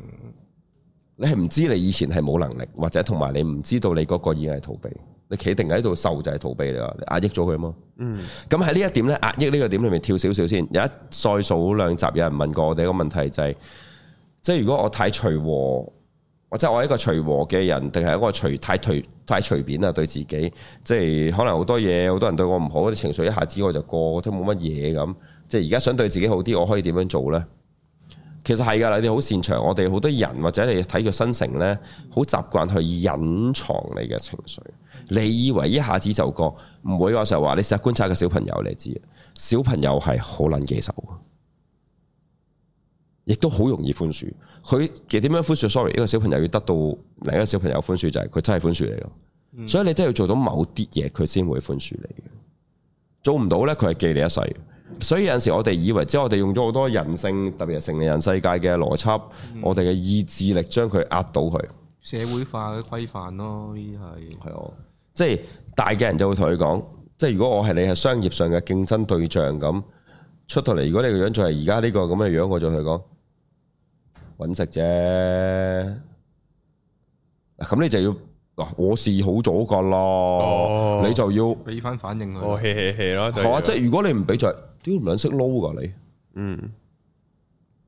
你係唔知你以前係冇能力，或者同埋你唔知道你嗰個已經係逃避。你企定喺度受就係逃避，你話你壓抑咗佢嘛。嗯。咁喺呢一點呢，壓抑呢個點裏面跳少少先。有一再數兩集有人問過我哋一個問題就係、是，即係如果我太隨和，即係我即係我一個隨和嘅人，定係一個隨太隨太隨便啊，對自己，即係可能好多嘢，好多人對我唔好，啲情緒一下子我就過，都冇乜嘢咁。即係而家想對自己好啲，我可以點樣做呢？其實係噶，你哋好擅長。我哋好多人或者你睇佢生成咧，好習慣去隱藏你嘅情緒。你以為一下子就講唔會成日話你成日觀察個小朋友，你知小朋友係好捻記仇，亦都好容易寬恕。佢其實點樣寬恕？sorry，一個小朋友要得到另一個小朋友寬恕，就係，就係佢真係寬恕你咯。所以你真係要做到某啲嘢，佢先會寬恕你。做唔到咧，佢係記你一世。所以有陣時我哋以為，即係我哋用咗好多人性，特別係成年人世界嘅邏輯，嗯、我哋嘅意志力將佢壓倒佢社會化嘅規範咯，呢係係哦，即、就、係、是、大嘅人就會同佢講，即係如果我係你係商業上嘅競爭對象咁出到嚟，如果你樣就個樣仲係而家呢個咁嘅樣，我就同佢講揾食啫。嗱咁、啊、你就要嗱、啊，我試好咗噶啦，哦、你就要俾翻反，反應佢，係係係咯即係如果你唔俾就。屌唔撚識撈噶你，嗯，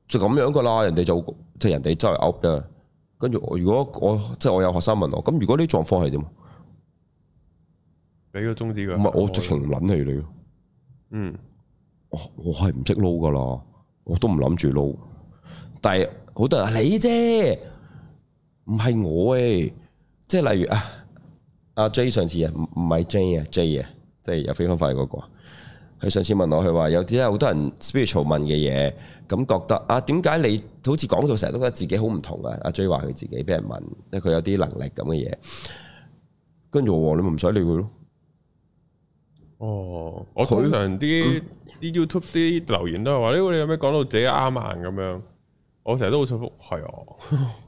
就咁樣噶啦，人哋就即係人哋真係噏啫。跟住我如果我即係我有學生問我，咁如果呢狀況係點？俾個宗旨佢。唔係不我，我直情撚氣你，嗯、哦，我我係唔識撈噶啦，我都唔諗住撈。但係好多人你啫，唔係我誒、欸，即係例如啊啊 J 上次啊唔唔係 J 啊 J 啊，即係有非方法嗰個。佢上次問我，佢話有啲咧好多人 spiritual 問嘅嘢，咁覺得啊，點解你好似講到成日都覺得自己好唔同啊？阿、啊、J 話佢自己俾人問，即係佢有啲能力咁嘅嘢。跟住我話你咪唔使理佢咯。哦，我通常啲啲 YouTube 啲留言都係話呢，嗯、你有咩講到自己啱唔啱咁樣？我成日都好祝福，係啊、哦。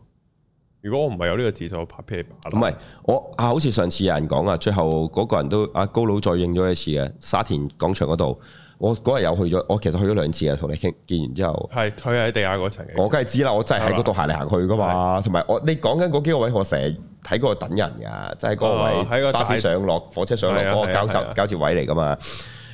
如果我唔係有呢個指數，我拍皮把咯。唔係我啊，好似上次有人講啊，最後嗰個人都阿高佬再應咗一次啊。沙田廣場嗰度，我嗰日又去咗，我其實去咗兩次啊。同你傾見完之後。係佢喺地下嗰層。我梗係知啦，我真係喺嗰度行嚟行去噶嘛。同埋我你講緊嗰幾個位，我成日睇嗰個等人噶，即係嗰個位喺巴士上落、火車上落嗰個交接位嚟噶嘛。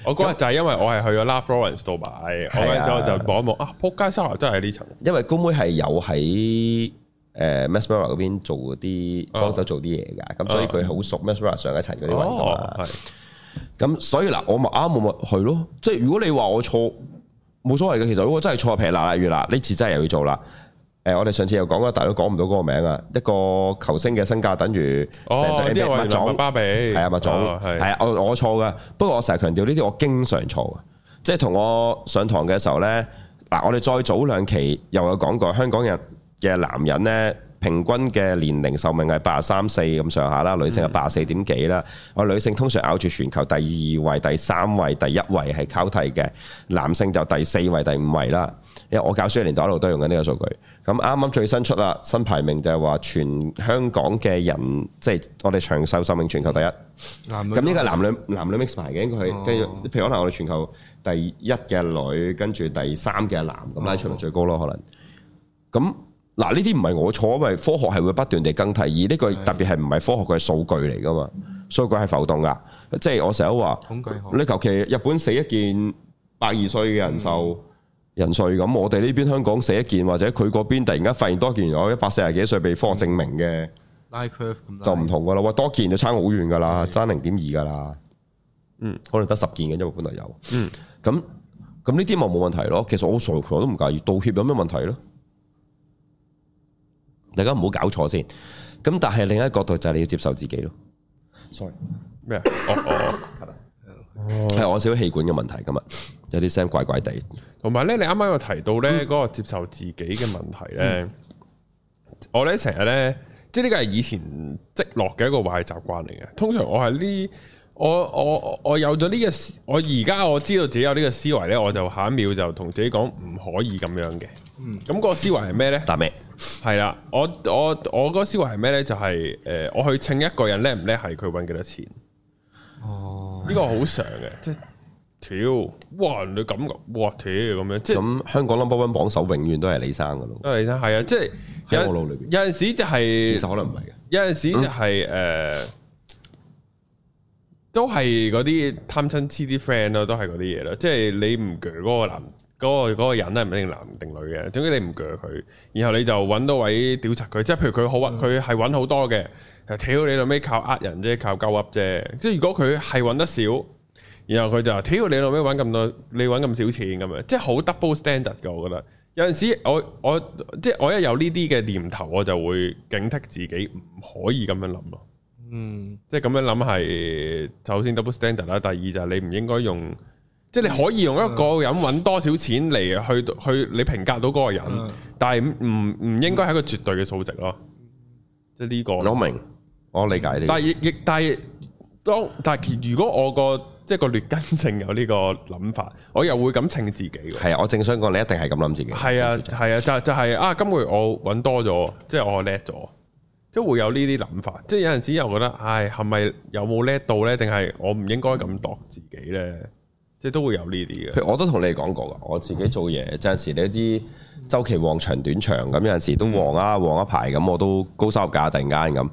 我嗰日就係因為我係去咗 La Florence 度買，我嗰陣時就望一望啊，仆街三樓真係喺呢層。因為高妹係有喺。誒，Maspera 嗰邊做啲幫手做啲嘢㗎，咁所以佢好熟 Maspera 上一層嗰啲位㗎嘛。咁所以嗱，我咪啱冇咪去咯。即係如果你話我錯，冇所謂嘅。其實如果真係錯，譬如嗱，例如嗱，呢次真係又要做啦。誒，我哋上次又講啦，大佬都講唔到嗰個名啊。一個球星嘅身價等於成隊唔係總巴比係啊，總係啊，我我錯㗎。不過我成日強調呢啲，我經常錯嘅，即係同我上堂嘅時候咧。嗱，我哋再早兩期又有講過香港人，嘅男人呢，平均嘅年齡壽命係八十三四咁上下啦，女性係八十四點幾啦。我、嗯、女性通常咬住全球第二位、第三位、第一位係交替嘅，男性就第四位、第五位啦。因為我教書年代一路都用緊呢個數據。咁啱啱最新出啦，新排名就係話全香港嘅人，即、就、係、是、我哋長壽壽命全球第一。咁呢個男女男女 mix 排嘅，應該係、哦、譬如可能我哋全球第一嘅女，跟住第三嘅男咁拉出嚟最高咯，可能咁。哦哦。嗱，呢啲唔係我錯，因為科學係會不斷地更替，而呢個特別係唔係科學嘅數據嚟噶嘛？數據係浮動噶，即係我成日都話，你求其日本死一件百二歲嘅人壽人壽，咁、嗯、我哋呢邊香港死一件，或者佢嗰邊突然間發現多件有一百四十幾歲被科學證明嘅，嗯、就唔同噶啦，哇多件就差好遠噶啦，嗯、差零點二噶啦，嗯，可能得十件嘅，因為本來有，嗯，咁咁呢啲咪冇問題咯。其實我傻，我都唔介意，道歉有咩問題咧？大家唔好搞錯先，咁但係另一個角度就係你要接受自己咯。Sorry 咩？哦哦，係我少咗氣管嘅問題㗎嘛，有啲聲怪怪地。同埋咧，你啱啱又提到咧嗰個接受自己嘅問題咧，嗯、我咧成日咧，即係呢個係以前積落嘅一個壞習慣嚟嘅。通常我係呢。我我我有咗呢個思，我而家我知道自己有呢個思維咧，我就下一秒就同自己講唔可以咁樣嘅。嗯，咁個思維係咩咧？答咩？係啦，我我我個思維係咩咧？就係、是、誒，我去稱一個人叻唔叻，係佢搵幾多錢。哦，呢個好常嘅，即係唉，條哇、就是，你感咁哇，條咁樣，即係咁香港 number one 榜首永遠都係李生噶咯。因為、就是，李生係啊，即係喺我腦裡邊，有陣時就係、是，其實可能唔係嘅，有陣時就係、是、誒。嗯呃都係嗰啲貪親痴啲 friend 咯，都係嗰啲嘢咯。即係你唔鋸嗰個男，嗰、嗰個、嗰個人咧唔一定男定女嘅。總之你唔鋸佢，然後你就揾到位調查佢。即係譬如佢好啊，佢係揾好多嘅。屌你老尾靠呃人啫，靠鳩噏啫。即係如果佢係揾得少，然後佢就話，屌你老尾揾咁多，你揾咁少錢咁樣。即係好 double standard 嘅。我覺得有陣時我我即係我一有呢啲嘅念頭，我就會警惕自己唔可以咁樣諗咯。嗯，即係咁樣諗係，首先 double standard 啦。第二就係你唔應該用，即係你可以用一個人揾多少錢嚟去去你評價到嗰個人，嗯、但係唔唔應該係一個絕對嘅數值咯。嗯、即係、呢、呢個我明，我理解呢、呢個。但係亦亦但係當但係，如果我個即係個劣根性有呢個諗法，我又會咁稱自己。係啊，我正想講你一定係咁諗自己。係啊的，係啊自，就是、就係、是、啊，今個月我揾多咗，即、就、係、是、我叻咗。即係會有呢啲諗法，即係有陣時又覺得，唉、哎，係咪有冇叻到呢？定係我唔應該咁度自己呢？即係都會有呢啲嘅。譬如我都同你哋講過，我自己做嘢，嗯、有陣時你知週期旺長短長咁，有陣時都旺啊，旺一排咁，我都高收入㗎，突然間咁，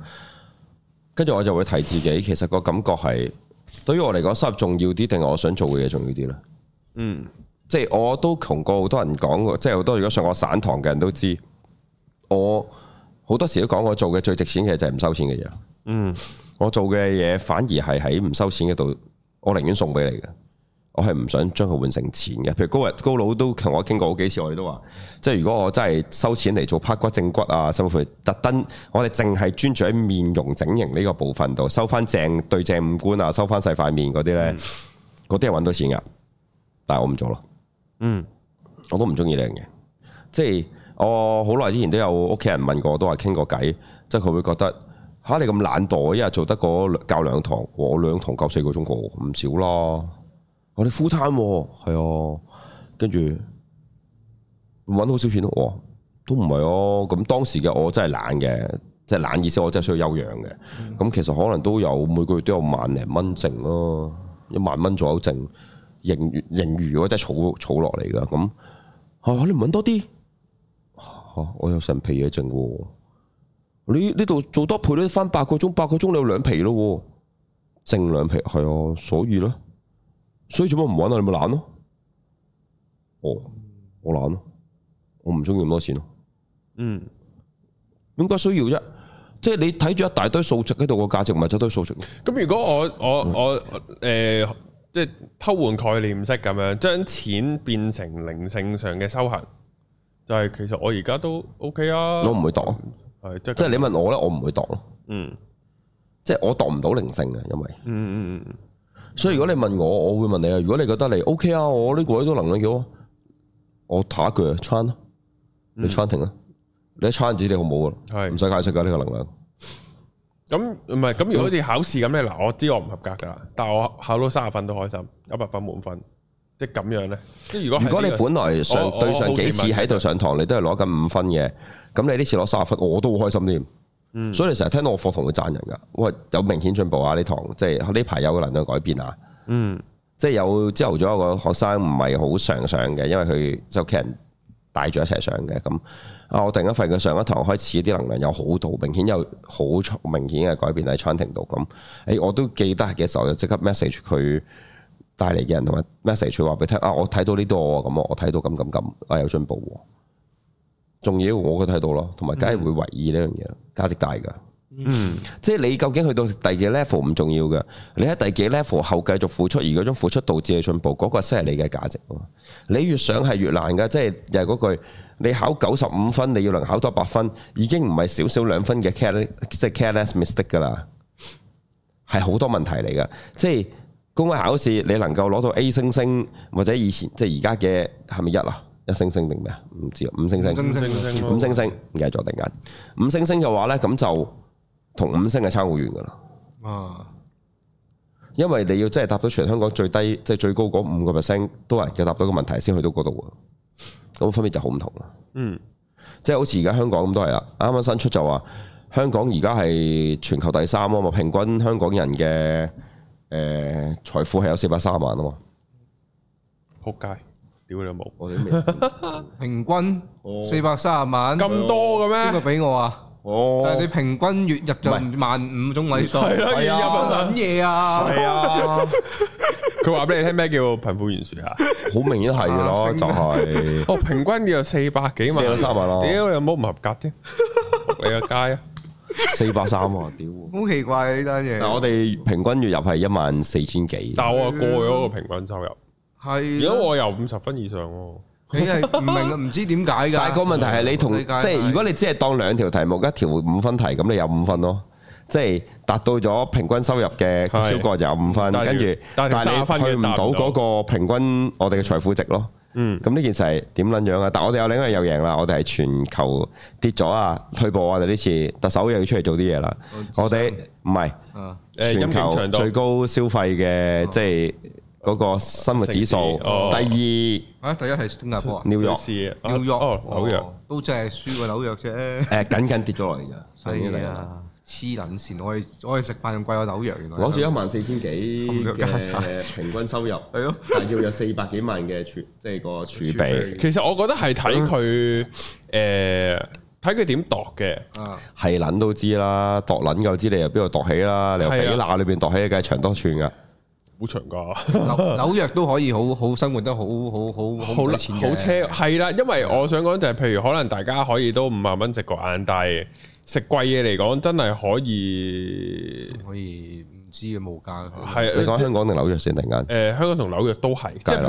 跟住我就會提自己，其實個感覺係對於我嚟講收入重要啲，定係我想做嘅嘢重要啲呢？嗯，即係我都同過好多人講過，即係好多如果上我散堂嘅人都知我。好多時都講我做嘅最值錢嘅就係唔收錢嘅嘢。嗯，我做嘅嘢反而係喺唔收錢嗰度，我寧願送俾你嘅。我係唔想將佢換成錢嘅。譬如高日高佬都同我傾過好幾次，我哋都話，即係如果我真係收錢嚟做拍骨正骨啊，甚至乎特登，我哋淨係專注喺面容整形呢個部分度，收翻正對正五官啊，收翻細塊面嗰啲呢。嗰啲係揾到錢噶。但係我唔做咯。嗯，我都唔中意呢樣嘢，即係。我好耐之前都有屋企人問過，都係傾過偈，即係佢會覺得嚇、啊、你咁懶惰，一日做得教兩堂，我、哦、兩堂夠四個鐘好唔少啦。我哋 full time 係啊，跟住揾好少錢咯、啊，都唔係哦。咁當時嘅我真係懶嘅，即係懶，意思，我真係需要休養嘅。咁、嗯嗯、其實可能都有每個月都有萬零蚊剩咯，一萬蚊左右剩盈餘盈餘，真係儲儲落嚟嘅。咁、啊、你唔揾多啲？吓、啊！我有成皮嘢剩嘅，你呢度做多倍咧，返八個鐘，八個鐘你有兩皮咯，剩兩皮係我所以咯，所以做乜唔玩啊？你咪懶咯，哦，我懶咯，我唔中意咁多錢咯，嗯，點解需要啫？即、就、係、是、你睇住一大堆數值喺度，個價值咪係堆數值。咁、嗯、如果我我我誒，即、呃、係、就是、偷換概念式咁樣，將錢變成靈性上嘅修行。但係其實我而家都 OK 啊，我唔會擋，係、就係、即係你問我咧，我唔會擋咯。嗯，即係我擋唔到靈性嘅，因為嗯嗯嗯，所以如果你問我，我會問你啊。如果你覺得你 OK 啊，我呢個都能量嘅，我打一句啊，餐咯、啊嗯啊，你餐停啦，你餐指定好冇好啊？係是，唔使解釋㗎呢、呢個能量。咁唔係咁，如果好似考試咁咩？嗱，我知我唔合格㗎，但係我考到三十分都開心，一百分滿分。即咁樣咧，即如果、這個、如果你本來上對、哦、上幾次喺度上堂，哦、你都係攞緊五分嘅，咁、嗯、你呢次攞三十分、哦，我都好開心添。嗯，所以你成日聽到我課堂會讚人㗎，哇！有明顯進步啊，呢、這、堂、個、即係呢排有個能量改變啊。嗯，即係有之後咗個學生唔係好常上嘅，因為佢就屋企人帶住一齊上嘅。咁啊，我突然間發現佢上一堂開始啲能量有好多明顯，有好明顯嘅改變喺餐 r 度。咁，哎、欸，我都記得嘅時候就即刻 message 佢。帶嚟嘅人同埋 message 話俾你聽啊，我睇到呢度，我咁我睇到咁咁咁啊有進步。仲要我佢睇到咯，同埋梗係會懷疑呢樣嘢啦，價值大噶。嗯，即係你究竟去到第幾 level 唔重要嘅，你喺第幾 level 後繼續付出，而嗰種付出導致你進步，嗰個先係你嘅價值。你越想係越難噶，即係又係嗰句，你考九十五分，你要能考多八分，已經唔係少少兩分嘅 careless，即係 careless mistake 噶啦，係好多問題嚟噶，即係。公開考試你能夠攞到 A 星星或者以前即係而家嘅係咪一啊一星星定咩啊？唔知啊，五星星，星星五星星，啊、五星星入間，五星星嘅話呢，咁就同五星嘅差好遠噶啦。啊，因為你要真係答到全香港最低即係、就是、最高嗰五個 percent 都係要答到個問題先去到嗰度啊。咁分別就、嗯、好唔同啊。嗯，即係好似而家香港咁都係啦。啱啱新出就話香港而家係全球第三啊嘛，平均香港人嘅。誒，財富係有四百三十萬啊嘛，扑街，屌你我哋平均四百三十萬咁多嘅咩？邊個畀我啊？但係你平均月入就萬五中位數，係啊！有冇諗嘢？啊，係啊，佢話畀你聽咩叫貧富懸殊啊？好明顯係嘅咯，就係，哦，平均要有四百幾萬，四百三十萬咯，屌又冇唔合格添，你個街啊！四百三啊！屌，好奇怪呢單嘢，但我哋平均月入係一萬四千幾，但我啊過咗個平均收入。係，如果我有五十分以上，你係唔明啊？唔知點解嘅。但係個問題係你同即係，如果你只係當兩條題目，一條五分題，咁你有五分咯。即係達到咗平均收入嘅超過就有五分，跟住，但係你去唔到嗰個平均我哋嘅財富值咯。嗯，咁呢件事係點捻樣啊？但係我哋有另個人又贏啦，我哋係全球跌咗啊，退步啊！我哋呢次特首又要出嚟做啲嘢啦。哦、我哋唔係，啊、全球最高消費嘅即係嗰個生活指數，四四哦、第二啊，第一係新加坡啊，紐約，紐約 的，紐約都真係輸過紐約啫。誒，緊緊跌咗落嚟咋，犀利啊！黐撚線，我係我係食飯咁貴，我紐約原來攞住一萬四千幾嘅平均收入，係咯，但要有四百幾萬嘅儲，即、就、係、是、個儲備。儲備其實我覺得係睇佢誒，睇佢點度嘅。係撚、呃啊、都知啦，度撚又知你由邊度度起啦？你由比那裏邊度起嘅？長多寸㗎？好、啊、長㗎、啊 紐約都可以好好生活得好好好好好好車。係啦，因為我想講就係譬如可能大家可以都五萬蚊直個眼戴食貴嘢嚟講，真係可以，可以唔知嘅無價嘅。係你講香港定紐約先？突然間，誒香港同紐約都係，即係譬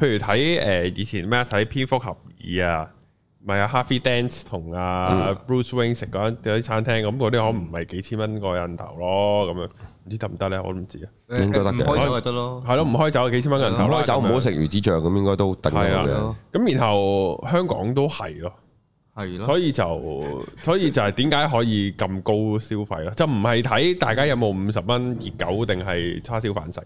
如譬如睇誒以前咩睇蝙蝠俠二啊，咪有 Happy Dance 同阿 Bruce Wayne 食嗰啲餐廳咁，嗰啲可唔係幾千蚊個人頭咯？咁樣唔知得唔得咧？我唔知啊，應該得嘅，唔開酒就得咯，係咯，唔開酒幾千蚊個人頭，開酒唔好食魚子醬咁，應該都得嘅。咁然後香港都係咯。係咯是，所以就所以就係點解可以咁高消費咯？就唔係睇大家有冇五十蚊熱狗定係叉燒飯食，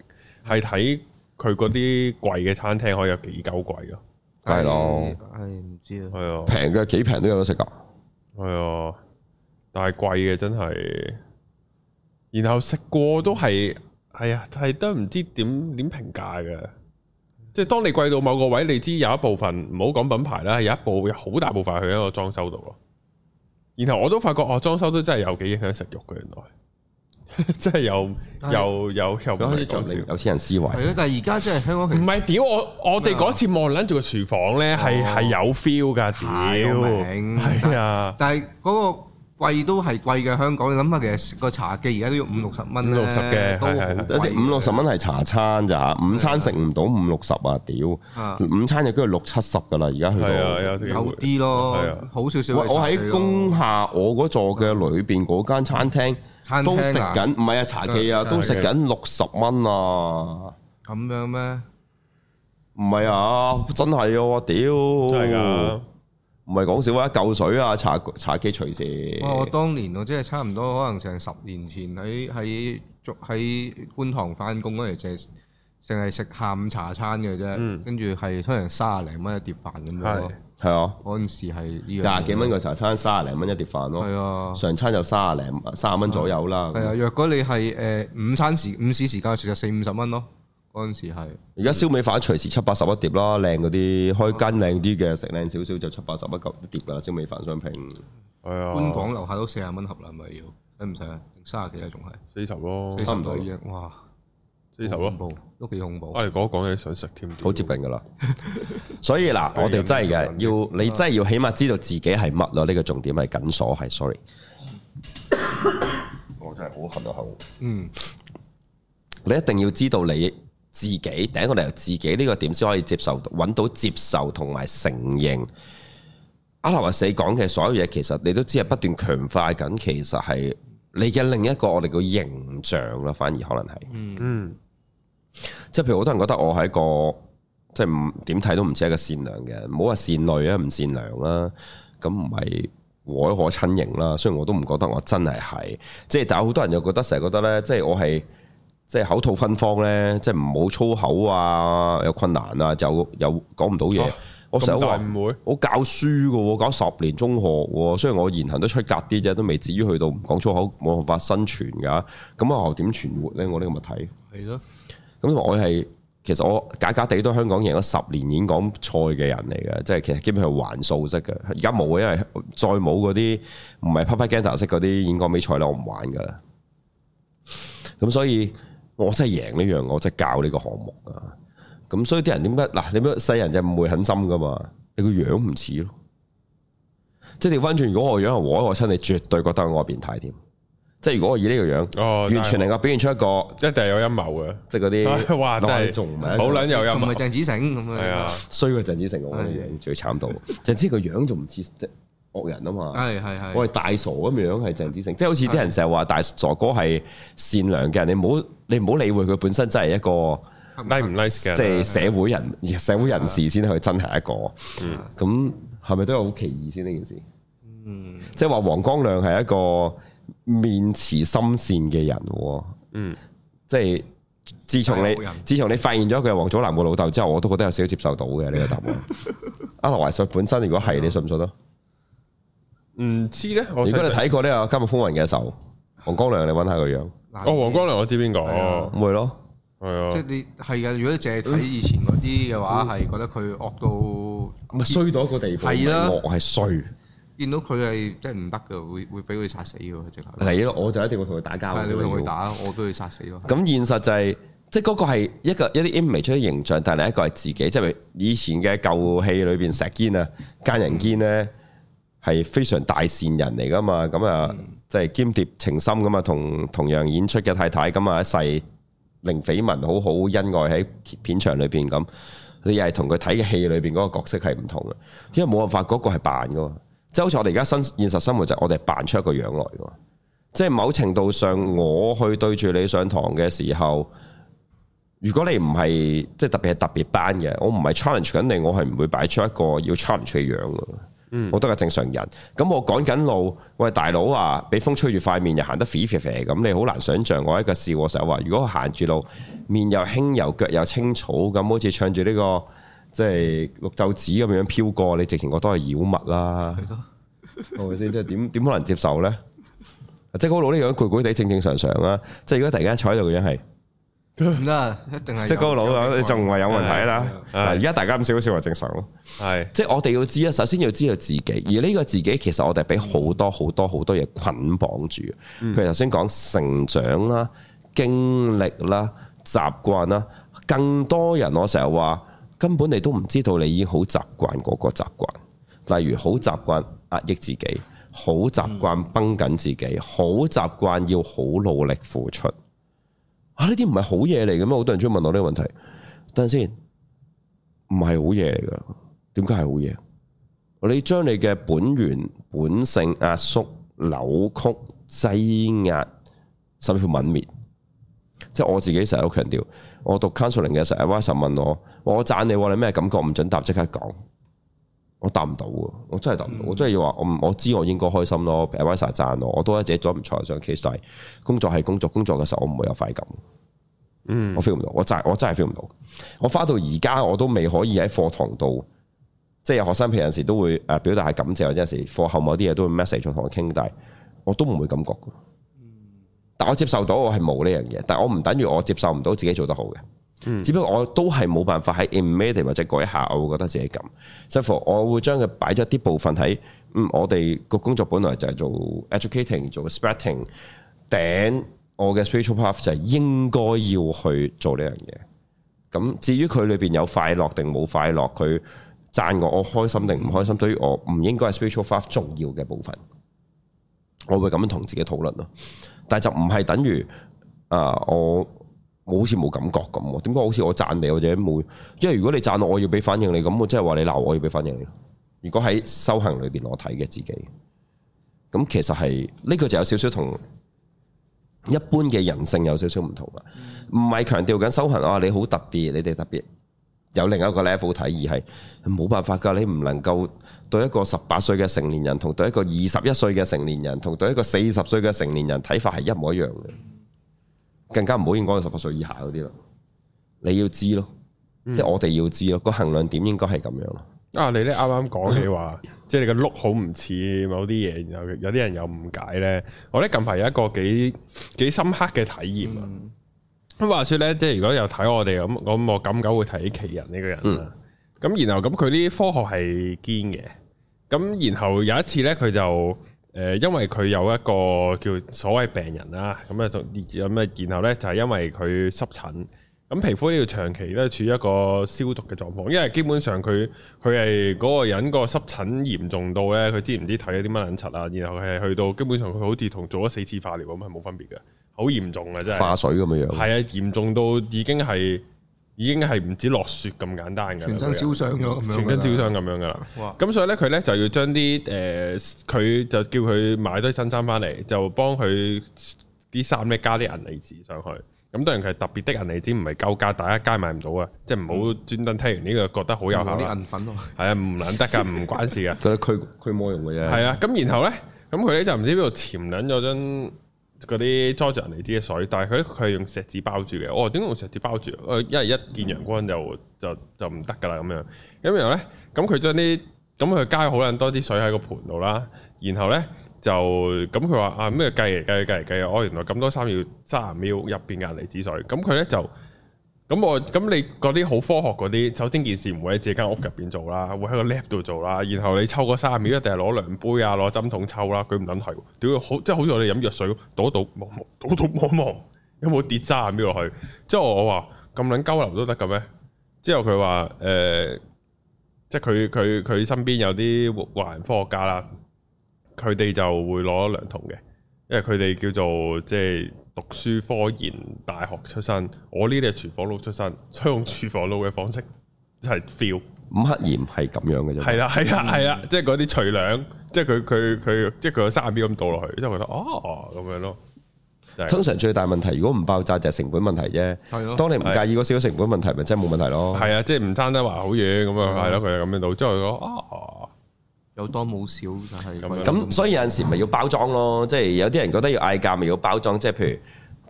係睇佢嗰啲貴嘅餐廳可以有幾高貴咯。係咯的，係唔知啊。係啊，平嘅幾平都有得食噶。係啊，但係貴嘅真係，然後食過都係，係啊，係、哎、都唔知點點評價嘅。即係當你貴到某個位，你知有一部分唔好講品牌啦，有一部有好大部分係喺個裝修度咯。然後我都發覺哦，裝修都真係有幾影響食慾嘅，原來真係有有有有開始裝修，有錢人思維。但係而家真係香港，唔係屌我我哋嗰次望住個廚房咧，係係有 feel 噶，屌係啊！但係嗰個。貴都係貴嘅，香港你諗下，其實個茶記而家都要五六十蚊六十嘅，都好五六十蚊係茶餐咋，午餐食唔到五六十啊！屌，午餐就都要六七十噶啦，而家去到有啲咯，好少少。我喺工廈我嗰座嘅裏邊嗰間餐廳，都食緊，唔係啊茶記啊，都食緊六十蚊啊！咁樣咩？唔係啊，真係啊！我屌，真係㗎。唔係講笑啊！一嚿水啊，茶茶機隨時。啊、我當年我即係差唔多，可能成十年前喺喺喺觀塘返工嗰時，淨係淨係食下午茶餐嘅啫。跟住係通常卅零蚊一碟飯咁樣咯。係是。啊。嗰陣時係廿幾蚊個茶餐，卅零蚊一碟飯咯。係啊。常餐就卅零卅蚊左右啦。係啊、嗯、啊。若果你係誒午餐時午市時間食就四五十蚊咯，哦。嗰陣時係而家燒味飯隨時七八十一碟啦。靚嗰啲開，間靚啲嘅食，靚少少就七八十一嚿碟啦，燒味飯商品。係啊，官港樓下都四十蚊盒啦，咪要使唔使啊？三十幾啊，仲係四十咯，四十幾隻哇！四十咯，恐怖都幾恐怖。誒講講又想食添，好接近噶啦。所以嗱，我哋真係嘅要你真係要起碼知道自己係乜咯，呢個重點係緊鎖係。Sorry，我真係好核突口。嗯，你一定要知道你，自己，第一個理由自己呢個點先可以接受到，揾到接受同埋承認。阿羅話四講嘅所有嘢，其實你都知係不斷強化緊，其實係你嘅另一個我哋個形象啦，反而可能係，嗯，即係譬如好多人覺得我係一個，即係唔點睇都唔似一個善良嘅，唔好話善類啊，唔善良啦，咁唔係和藹可親型啦。雖然我都唔覺得我真係係，即係但係好多人又覺得成日覺得咧，即係我係。即係口吐芬芳呢，即係唔好粗口啊，有困難啊，就又講唔到嘢。哦、我成日話唔會，我教書嘅，教十年中學。雖然我言行都出格啲啫，都未至於去到唔講粗口冇辦法生存噶。咁學校點存活呢？我呢個問題。係咯的。咁我係其實我假假地都香港贏咗十年演講賽嘅人嚟嘅，即係其實基本上玩素質嘅。而家冇，因為再冇嗰啲唔係 Papa Gentle 式嗰啲演講比賽咧，我唔玩噶喇。咁所以。我真係贏呢樣，我真係教呢個項目啊！咁所以啲人點解嗱？點解世人就唔會狠心噶嘛？你個樣唔似咯？即係調返轉，如果我樣係我我親，你絕對覺得我變態添。即係如果我以呢個樣，完全能夠表現出一個，一定係有陰謀嘅，即係嗰啲。哇！但係冇卵有陰謀，唔係鄭子誠咁啊衰過鄭子誠個我樣最慘到，鄭子誠個樣仲唔似。惡人啊嘛，係係係，我係大傻咁樣，係鄭子誠，即係好似啲人成日話大傻哥係善良嘅人，你唔好你唔好理會佢本身真係一個 like 唔 like 嘅，即係社會人 Ton 社會人士先去真係一個，咁係咪都有好奇異先呢件事？嗯，即係話黃光亮係一個面慈心善嘅人，嗯，即係 hu an 自從你自從你發現咗佢係王祖藍嘅老豆之後，我都覺得有少少接受到嘅呢個答案。阿羅懷術本身如果係你信唔信咯？唔知咧，我而家你睇過呢個監獄風雲嘅時候，黃光亮，你揾下個樣。哦，黃光亮，我知邊個，唔會咯，係啊。即係你係啊，如果你淨係睇以前嗰啲嘅話，係覺得佢惡到，唔係衰到一個地步，係咯，係衰。見到佢係真係唔得嘅，會會俾佢殺死嘅，係咯。我就一定會同佢打交，你同佢打，我都俾佢殺死咯。咁現實就係，即係嗰個係一個一啲 image、啲形象，但係一個係自己，即係以前嘅舊戲裏邊石堅啊、奸人堅咧。係非常大善人嚟噶嘛，咁啊，即係兼諜情深噶嘛，同同樣演出嘅太太咁啊，一世令緋聞好好恩愛喺片場裏邊咁，你又係同佢睇嘅戲裏邊嗰個角色係唔同嘅，因為冇辦法嗰個係扮噶，即係好似我哋而家生現實生活就係我哋扮出一個樣來嘅，即係某程度上我去對住你上堂嘅時候，如果你唔係即係特別係特別班嘅，我唔係 challenge 緊你，我係唔會擺出一個要 challenge 嘅樣嘅。嗯，我都係正常人，咁我趕緊路，喂大佬啊，俾風吹住塊面又行得肥肥肥咁，你好難想象我一個笑卧手啊！我我如果行住路，面又輕又腳又青草，咁好似唱住呢、這個即係綠袖子咁樣飄過，你直情覺得係妖物啦、啊，係咪先？即係點點可能接受呢？即係嗰路呢樣攰攰哋正正常常啦。即係如果突然間坐喺度嘅樣係。唔一定係，即係嗰個腦，你仲話有問題啦。而家大家咁少少就正常咯。係的，即係我哋要知啊，首先要知道自己。而呢個自己，其實我哋俾好多好多好多嘢捆綁住。佢頭先講成長啦、經歷啦、習慣啦，更多人我成日話，根本你都唔知道，你已經好習慣嗰個習慣。例如，好習慣壓抑自己，好習慣繃緊自己，好習慣要好努力付出。啊！呢啲唔係好嘢嚟嘅咩？好多人鍾意問我呢個問題。等陣先，唔係好嘢嚟噶，點解係好嘢？你將你嘅本源、本性壓縮、扭曲、擠壓，甚至乎泯滅。即係我自己成日都強調，我讀 counseling 嘅時候，阿 s 有人問我，我讚你，你咩感覺？唔准答，即刻講。我答唔到喎，我真係答唔到、嗯，我。我真係要話，我我知我應該開心咯。Presenter 讚我，嗯、我都一直都唔錯。上 case 工作係工作，工作嘅時候我唔會有快感。嗯，我 feel 唔到，我真我真係 feel 唔到。我花到而家我，我都未可以喺課堂度，即係有學生平陣時都會誒表達下感謝，或者陣時課後某啲嘢都會 message 同我傾，但係我都唔會感覺嘅。但我接受到我係冇呢樣嘢，但係我唔等於我接受唔到自己做得好嘅。只不過我都係冇辦法喺 immediate 或者改一下，我會覺得自己咁。所以乎我會將佢擺咗一啲部分喺，嗯，我哋個工作本來就係做 educating，做 spreading。頂我嘅 spiritual path 就係應該要去做呢樣嘢。咁至於佢裏邊有快樂定冇快樂，佢讚我我開心定唔開心，對於我唔應該係 spiritual path 重要嘅部分，我會咁樣同自己討論咯。但係就唔係等於啊、呃、我。我好似冇感覺咁，點解好似我讚你或者冇？因為如果你讚我，我要俾反應你咁，我即係話你鬧我，我要俾反應你。如果喺修行裏邊我睇嘅自己，咁其實係呢個就有少少同一般嘅人性有少少唔同啊！唔係強調緊修行啊！你好特別，你哋特別有另一個 level 睇，而係冇辦法噶。你唔能夠對一個十八歲嘅成年人同對一個二十一歲嘅成年人同對一個四十歲嘅成年人睇法係一模一樣嘅。更加唔好，應該係十八歲以下嗰啲咯。你要知咯，嗯、即係我哋要知咯，嗯、個衡量點應該係咁樣咯。啊，你咧啱啱講起話， 即係你個碌好唔似某啲嘢，然後有啲人有誤解咧。我咧近排有一個幾幾深刻嘅體驗啊。咁、嗯、話說咧，即係如果又睇我哋咁，咁我咁久會睇奇人呢個人啦。咁、嗯、然後咁佢啲科學係堅嘅。咁然後有一次咧，佢就。誒，因為佢有一個叫所謂病人啦，咁啊，咁啊，然後咧就係因為佢濕疹，咁皮膚呢要長期咧處於一個消毒嘅狀況，因為基本上佢佢係嗰個人個濕疹嚴重到咧，佢知唔知睇咗啲乜撚柒啊？然後佢係去到基本上佢好似同做咗四次化療咁係冇分別嘅，好嚴重啊！真係化水咁嘅樣，係啊，嚴重到已經係。已經係唔止落雪咁簡單嘅，全身燒傷咗咁樣，全身燒傷咁樣㗎啦。咁哇所以咧，佢咧就要將啲誒，佢、呃、就叫佢買堆新衫翻嚟，就幫佢啲衫咩加啲銀離子上去。咁當然佢係特別的銀離子，唔係夠價，大家買唔到啊。嗯、即係唔好專登聽完呢個覺得好有效，啲銀粉咯，係啊，唔撚、啊、得㗎，唔 關事㗎，攤攤攤摸用嘅啫。係啊，咁然後咧，咁佢咧就唔知邊度潛撚咗張。嗰啲裝著鈣離子嘅水，但係佢佢係用錫紙包住嘅。哦，點解用錫紙包住？因為一見陽光就就就唔得㗎啦咁樣。咁然後咧，咁佢將啲咁佢加咗好撚多啲水喺個盤度啦。然後咧就咁佢話啊，咩計嚟計嚟計嚟計啊！我原來咁多三毫三毫秒入邊嘅鈣離子水，咁佢咧就。咁我咁你嗰啲好科學嗰啲，首先件事唔會喺自己間屋入邊做啦，會喺個 lab 度做啦。然後你抽嗰三十秒一定係攞量杯啊，攞針筒抽啦。佢唔撚係，屌好即係好似我哋飲藥水，倒倒望望，倒倒望望，有冇跌三十秒落去？之後我話咁撚交流都得嘅咩？之後佢話誒，即係佢佢佢身邊有啲華人科學家啦，佢哋就會攞量筒嘅，因為佢哋叫做即係。讀書科研大學出身，我呢啲係廚房佬出身，所以用廚房佬嘅方式，就係、是、feel。五克鹽係咁樣嘅啫，係啦，係啦，係啦，即係嗰啲廚娘，即係佢佢佢，即係佢三十秒咁倒落去，即係覺得哦咁、哦哦、樣咯。就是、通常最大問題如果唔爆炸就係成本問題啫，係咯的。當你唔介意嗰少少成本問題，咪的真係冇問題咯。係啊，即係唔爭得話好嘢咁樣，係、哦、咯，佢係咁樣到，之後佢啊。有多冇少就係咁樣。咁所以有陣時咪要包裝咯，嗯、即係有啲人覺得要嗌價咪要包裝，即係譬如，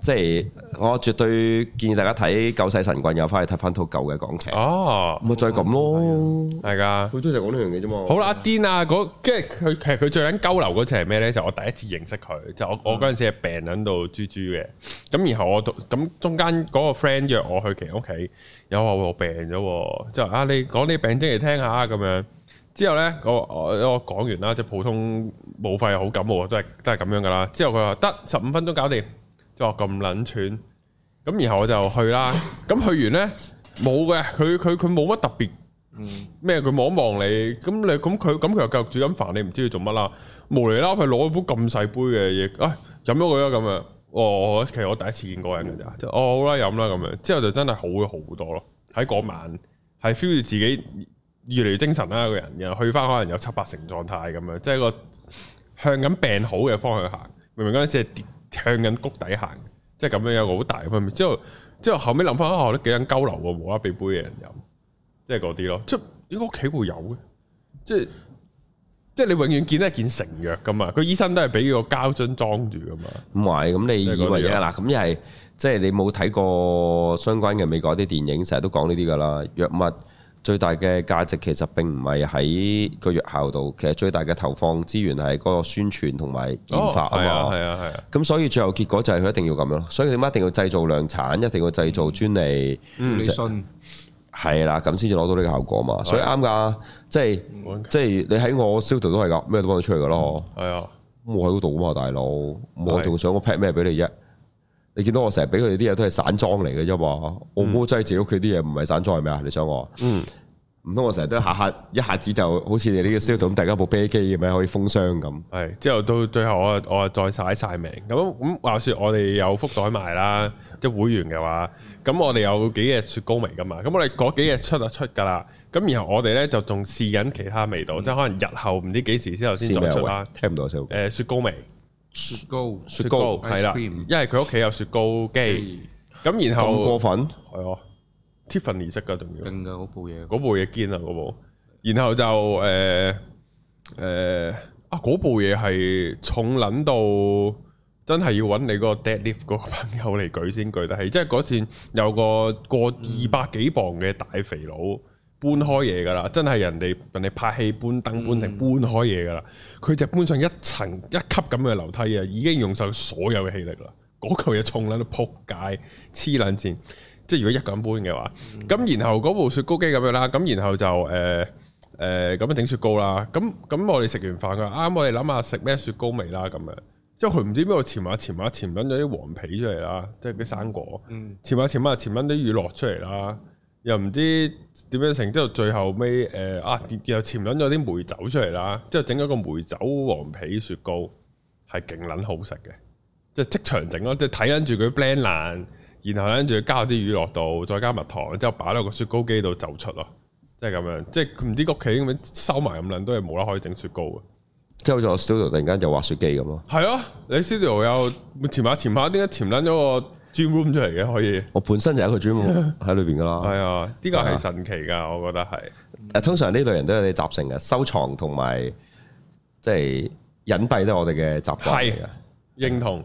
即係我絕對建議大家睇《救世神棍》，又翻去睇翻套舊嘅港劇。哦，咪再咁咯，係、那、㗎、個。佢都成講呢樣嘅啫嘛。嗯、好啦，阿癲啊，嗰跟住佢其實佢最撚交流嗰次係咩咧？就是、我第一次認識佢，就是、我我嗰陣時係病喺度豬豬嘅，咁然，然後我咁中間嗰個 friend 約我去佢屋企，佢佢有話我病咗，就話啊，啊你講啲病症嚟聽下咁樣。之後咧，我我我講完啦，即係普通冇肺好感冒，都係都係咁樣噶啦。之後佢話得十五分鐘搞掂，就係話咁捻串。咁然後我就去啦。咁去完咧冇嘅，佢佢佢冇乜特別。咩？佢望一望你，咁你咁佢咁佢又繼續飲飯，你唔知佢做乜啦。無厘啦，佢攞杯咁細杯嘅嘢，啊、哎，飲咗佢啦咁樣。哦，其實我第一次見過人嘅咋？哦，好啦，飲啦咁樣。之後就真係好咗好多咯。喺嗰晚係 feel 到自己。越嚟越精神啦，個人又去翻可能有七八成狀態咁樣，即係一個向緊病好嘅方向行。明明嗰陣時係跌向緊谷底行，即係咁樣有個好大嘅方面。之後之後後尾諗翻啊，我都幾想交流嘅冇啦俾杯嘅人飲，即係嗰啲咯。即係啲屋企會有嘅，即係即係你永遠見得一件成藥噶嘛。佢醫生都係俾個膠樽裝住噶嘛。唔係咁，你以為啊？嗱，咁又係即係你冇睇過相關嘅美國啲電影，成日都講呢啲噶啦藥物。最大嘅價值其實並唔係喺個藥效度，其實最大嘅投放資源係嗰個宣傳同埋研發啊嘛，係、哦、啊係啊咁、啊、所以最後結果就係佢一定要咁樣，所以點解一定要製造量產，一定要製造專利，嗯，即你係信啦，咁先至攞到呢個效果嘛，嗯、所以啱噶，即係即係你喺我銷售都係噶，咩都幫你出嚟噶啦，嗬，係啊，即行我喺嗰度噶嘛，大佬，我仲想我 p e t 咩俾你啫？你見到我成日俾佢哋啲嘢都係散裝嚟嘅啫喎，嗯、我冇劑住屋佢啲嘢唔係散裝係咩？啊？你想我？嗯，唔通我成日都下下一下子就好似你呢個銷度咁，嗯、大家部啤機咁樣可以封箱咁。係，之後到最後我我再晒晒命。咁咁話説，我哋有福袋賣啦， 即係會員嘅話，咁我哋有幾隻雪糕味㗎嘛？咁我哋嗰幾隻出就出㗎啦，咁然後我哋咧就仲試緊其他味道，嗯、即係可能日後唔知幾時先頭先再出啦、啊。聽唔到聲、 欸。雪糕味。雪糕，雪糕係啦，因為佢屋企有雪糕機，咁是然後過分係哦，Tiffany 色噶，仲要，更嘅嗰部嘢，嗰部嘢堅啊嗰部，然後就誒誒啊嗰部嘢係重撚到，真係要揾你個 deadlift 個朋友嚟舉先舉得起，即係嗰次有個過二百幾磅嘅大肥佬。嗯嗯搬開嘢㗎啦，真係人哋人哋拍戲搬燈搬定、嗯、搬開嘢㗎啦。佢就搬上一層一級咁嘅樓梯啊，已經用晒所有嘅氣力啦。嗰嚿嘢重撚都撲街黐撚線，即係如果一個人搬嘅話，咁、嗯、然後嗰部雪糕機咁樣啦，咁然後就誒誒咁樣整雪糕啦。咁咁我哋食完飯佢話，啱我哋諗下食咩雪糕味啦咁樣。即係佢唔知邊度潛下潛下潛撚咗啲黃皮出嚟啦，即係啲生果。潛、嗯、下潛下潛撚啲魚落出嚟啦。又唔知點樣成，之後最後尾誒啊，又潛撚咗啲梅酒出嚟啦，之後整咗個梅酒黃皮雪糕，係勁撚好食嘅，即係即場整咯，即係睇緊住佢 blend 爛，然後跟住加啲魚落度，再加蜜糖，之後擺落個雪糕機度走出咯，即係咁樣，即係佢唔知屋企咁樣收埋咁撚都係冇啦可以整雪糕嘅，即係好似我 studio 突然間就滑雪機咁咯。係啊，你 studio 有潛下，潛下點解潛撚咗個？Zoom room 出嚟嘅，可以，我本身就係一個 Zoom room 喺裏邊噶啦。係 啊，呢、這個係神奇噶，我覺得係。誒、嗯，通常呢類人都有啲習性嘅收藏同埋，即係隱蔽都我哋嘅習慣嚟嘅。認同，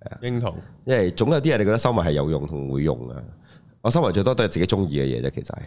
啊、認同、啊。因為總有啲嘢你覺得收埋係有用同會用啊。我收埋最多都係自己中意嘅嘢啫，其實係。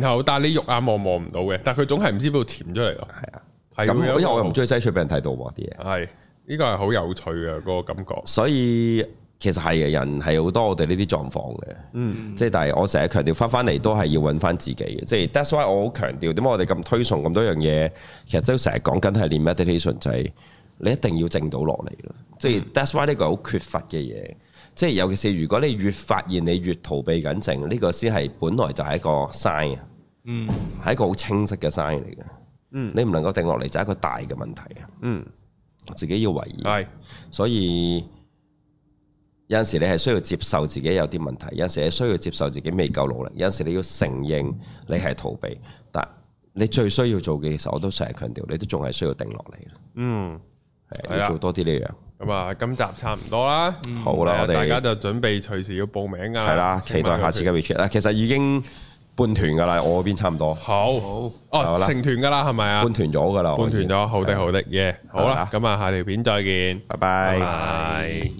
然後，但係你肉眼望望唔到嘅，但係佢總係唔知邊度潛出嚟咯。係啊，咁因為我又唔中意西出俾人睇到啲嘢。係、啊，呢、這個係好有趣嘅、那個感覺。所以。其實係嘅，人係好多我哋呢啲狀況嘅，嗯，即係但係我成日強調翻翻嚟，都係要揾翻自己嘅，即係 That's why 我好強調，點解我哋咁推崇咁多樣嘢？其實都成日講緊係練 meditation 就係你一定要靜到落嚟咯，即係 That's why 呢個好缺乏嘅嘢，即係尤其是如果你越發現你越逃避緊靜，呢個先係本來就係一個 sign，嗯，係一個好清晰嘅 sign 嚟嘅，嗯，你唔能夠定落嚟就係一個大嘅問題啊，嗯，自己要維繫，係，嗯，所以。是是有陣時你係需要接受自己有啲問題，有陣時你係需要接受自己未夠努力，有陣時你要承認你係逃避。但你最需要做嘅，其實我都成日強調，你都仲係需要定落嚟。嗯，係啊，要做多啲呢樣。咁啊，今集差唔多啦。好啦，我哋大家就準備隨時要報名噶。係啦，期待下次嘅 retreat。嗱，其實已經半團噶啦，我嗰邊差唔多。好，哦，成團噶啦，係咪啊？半團咗噶啦，半團咗，好的好的 yeah。好啦，咁啊，下條片再見，拜拜。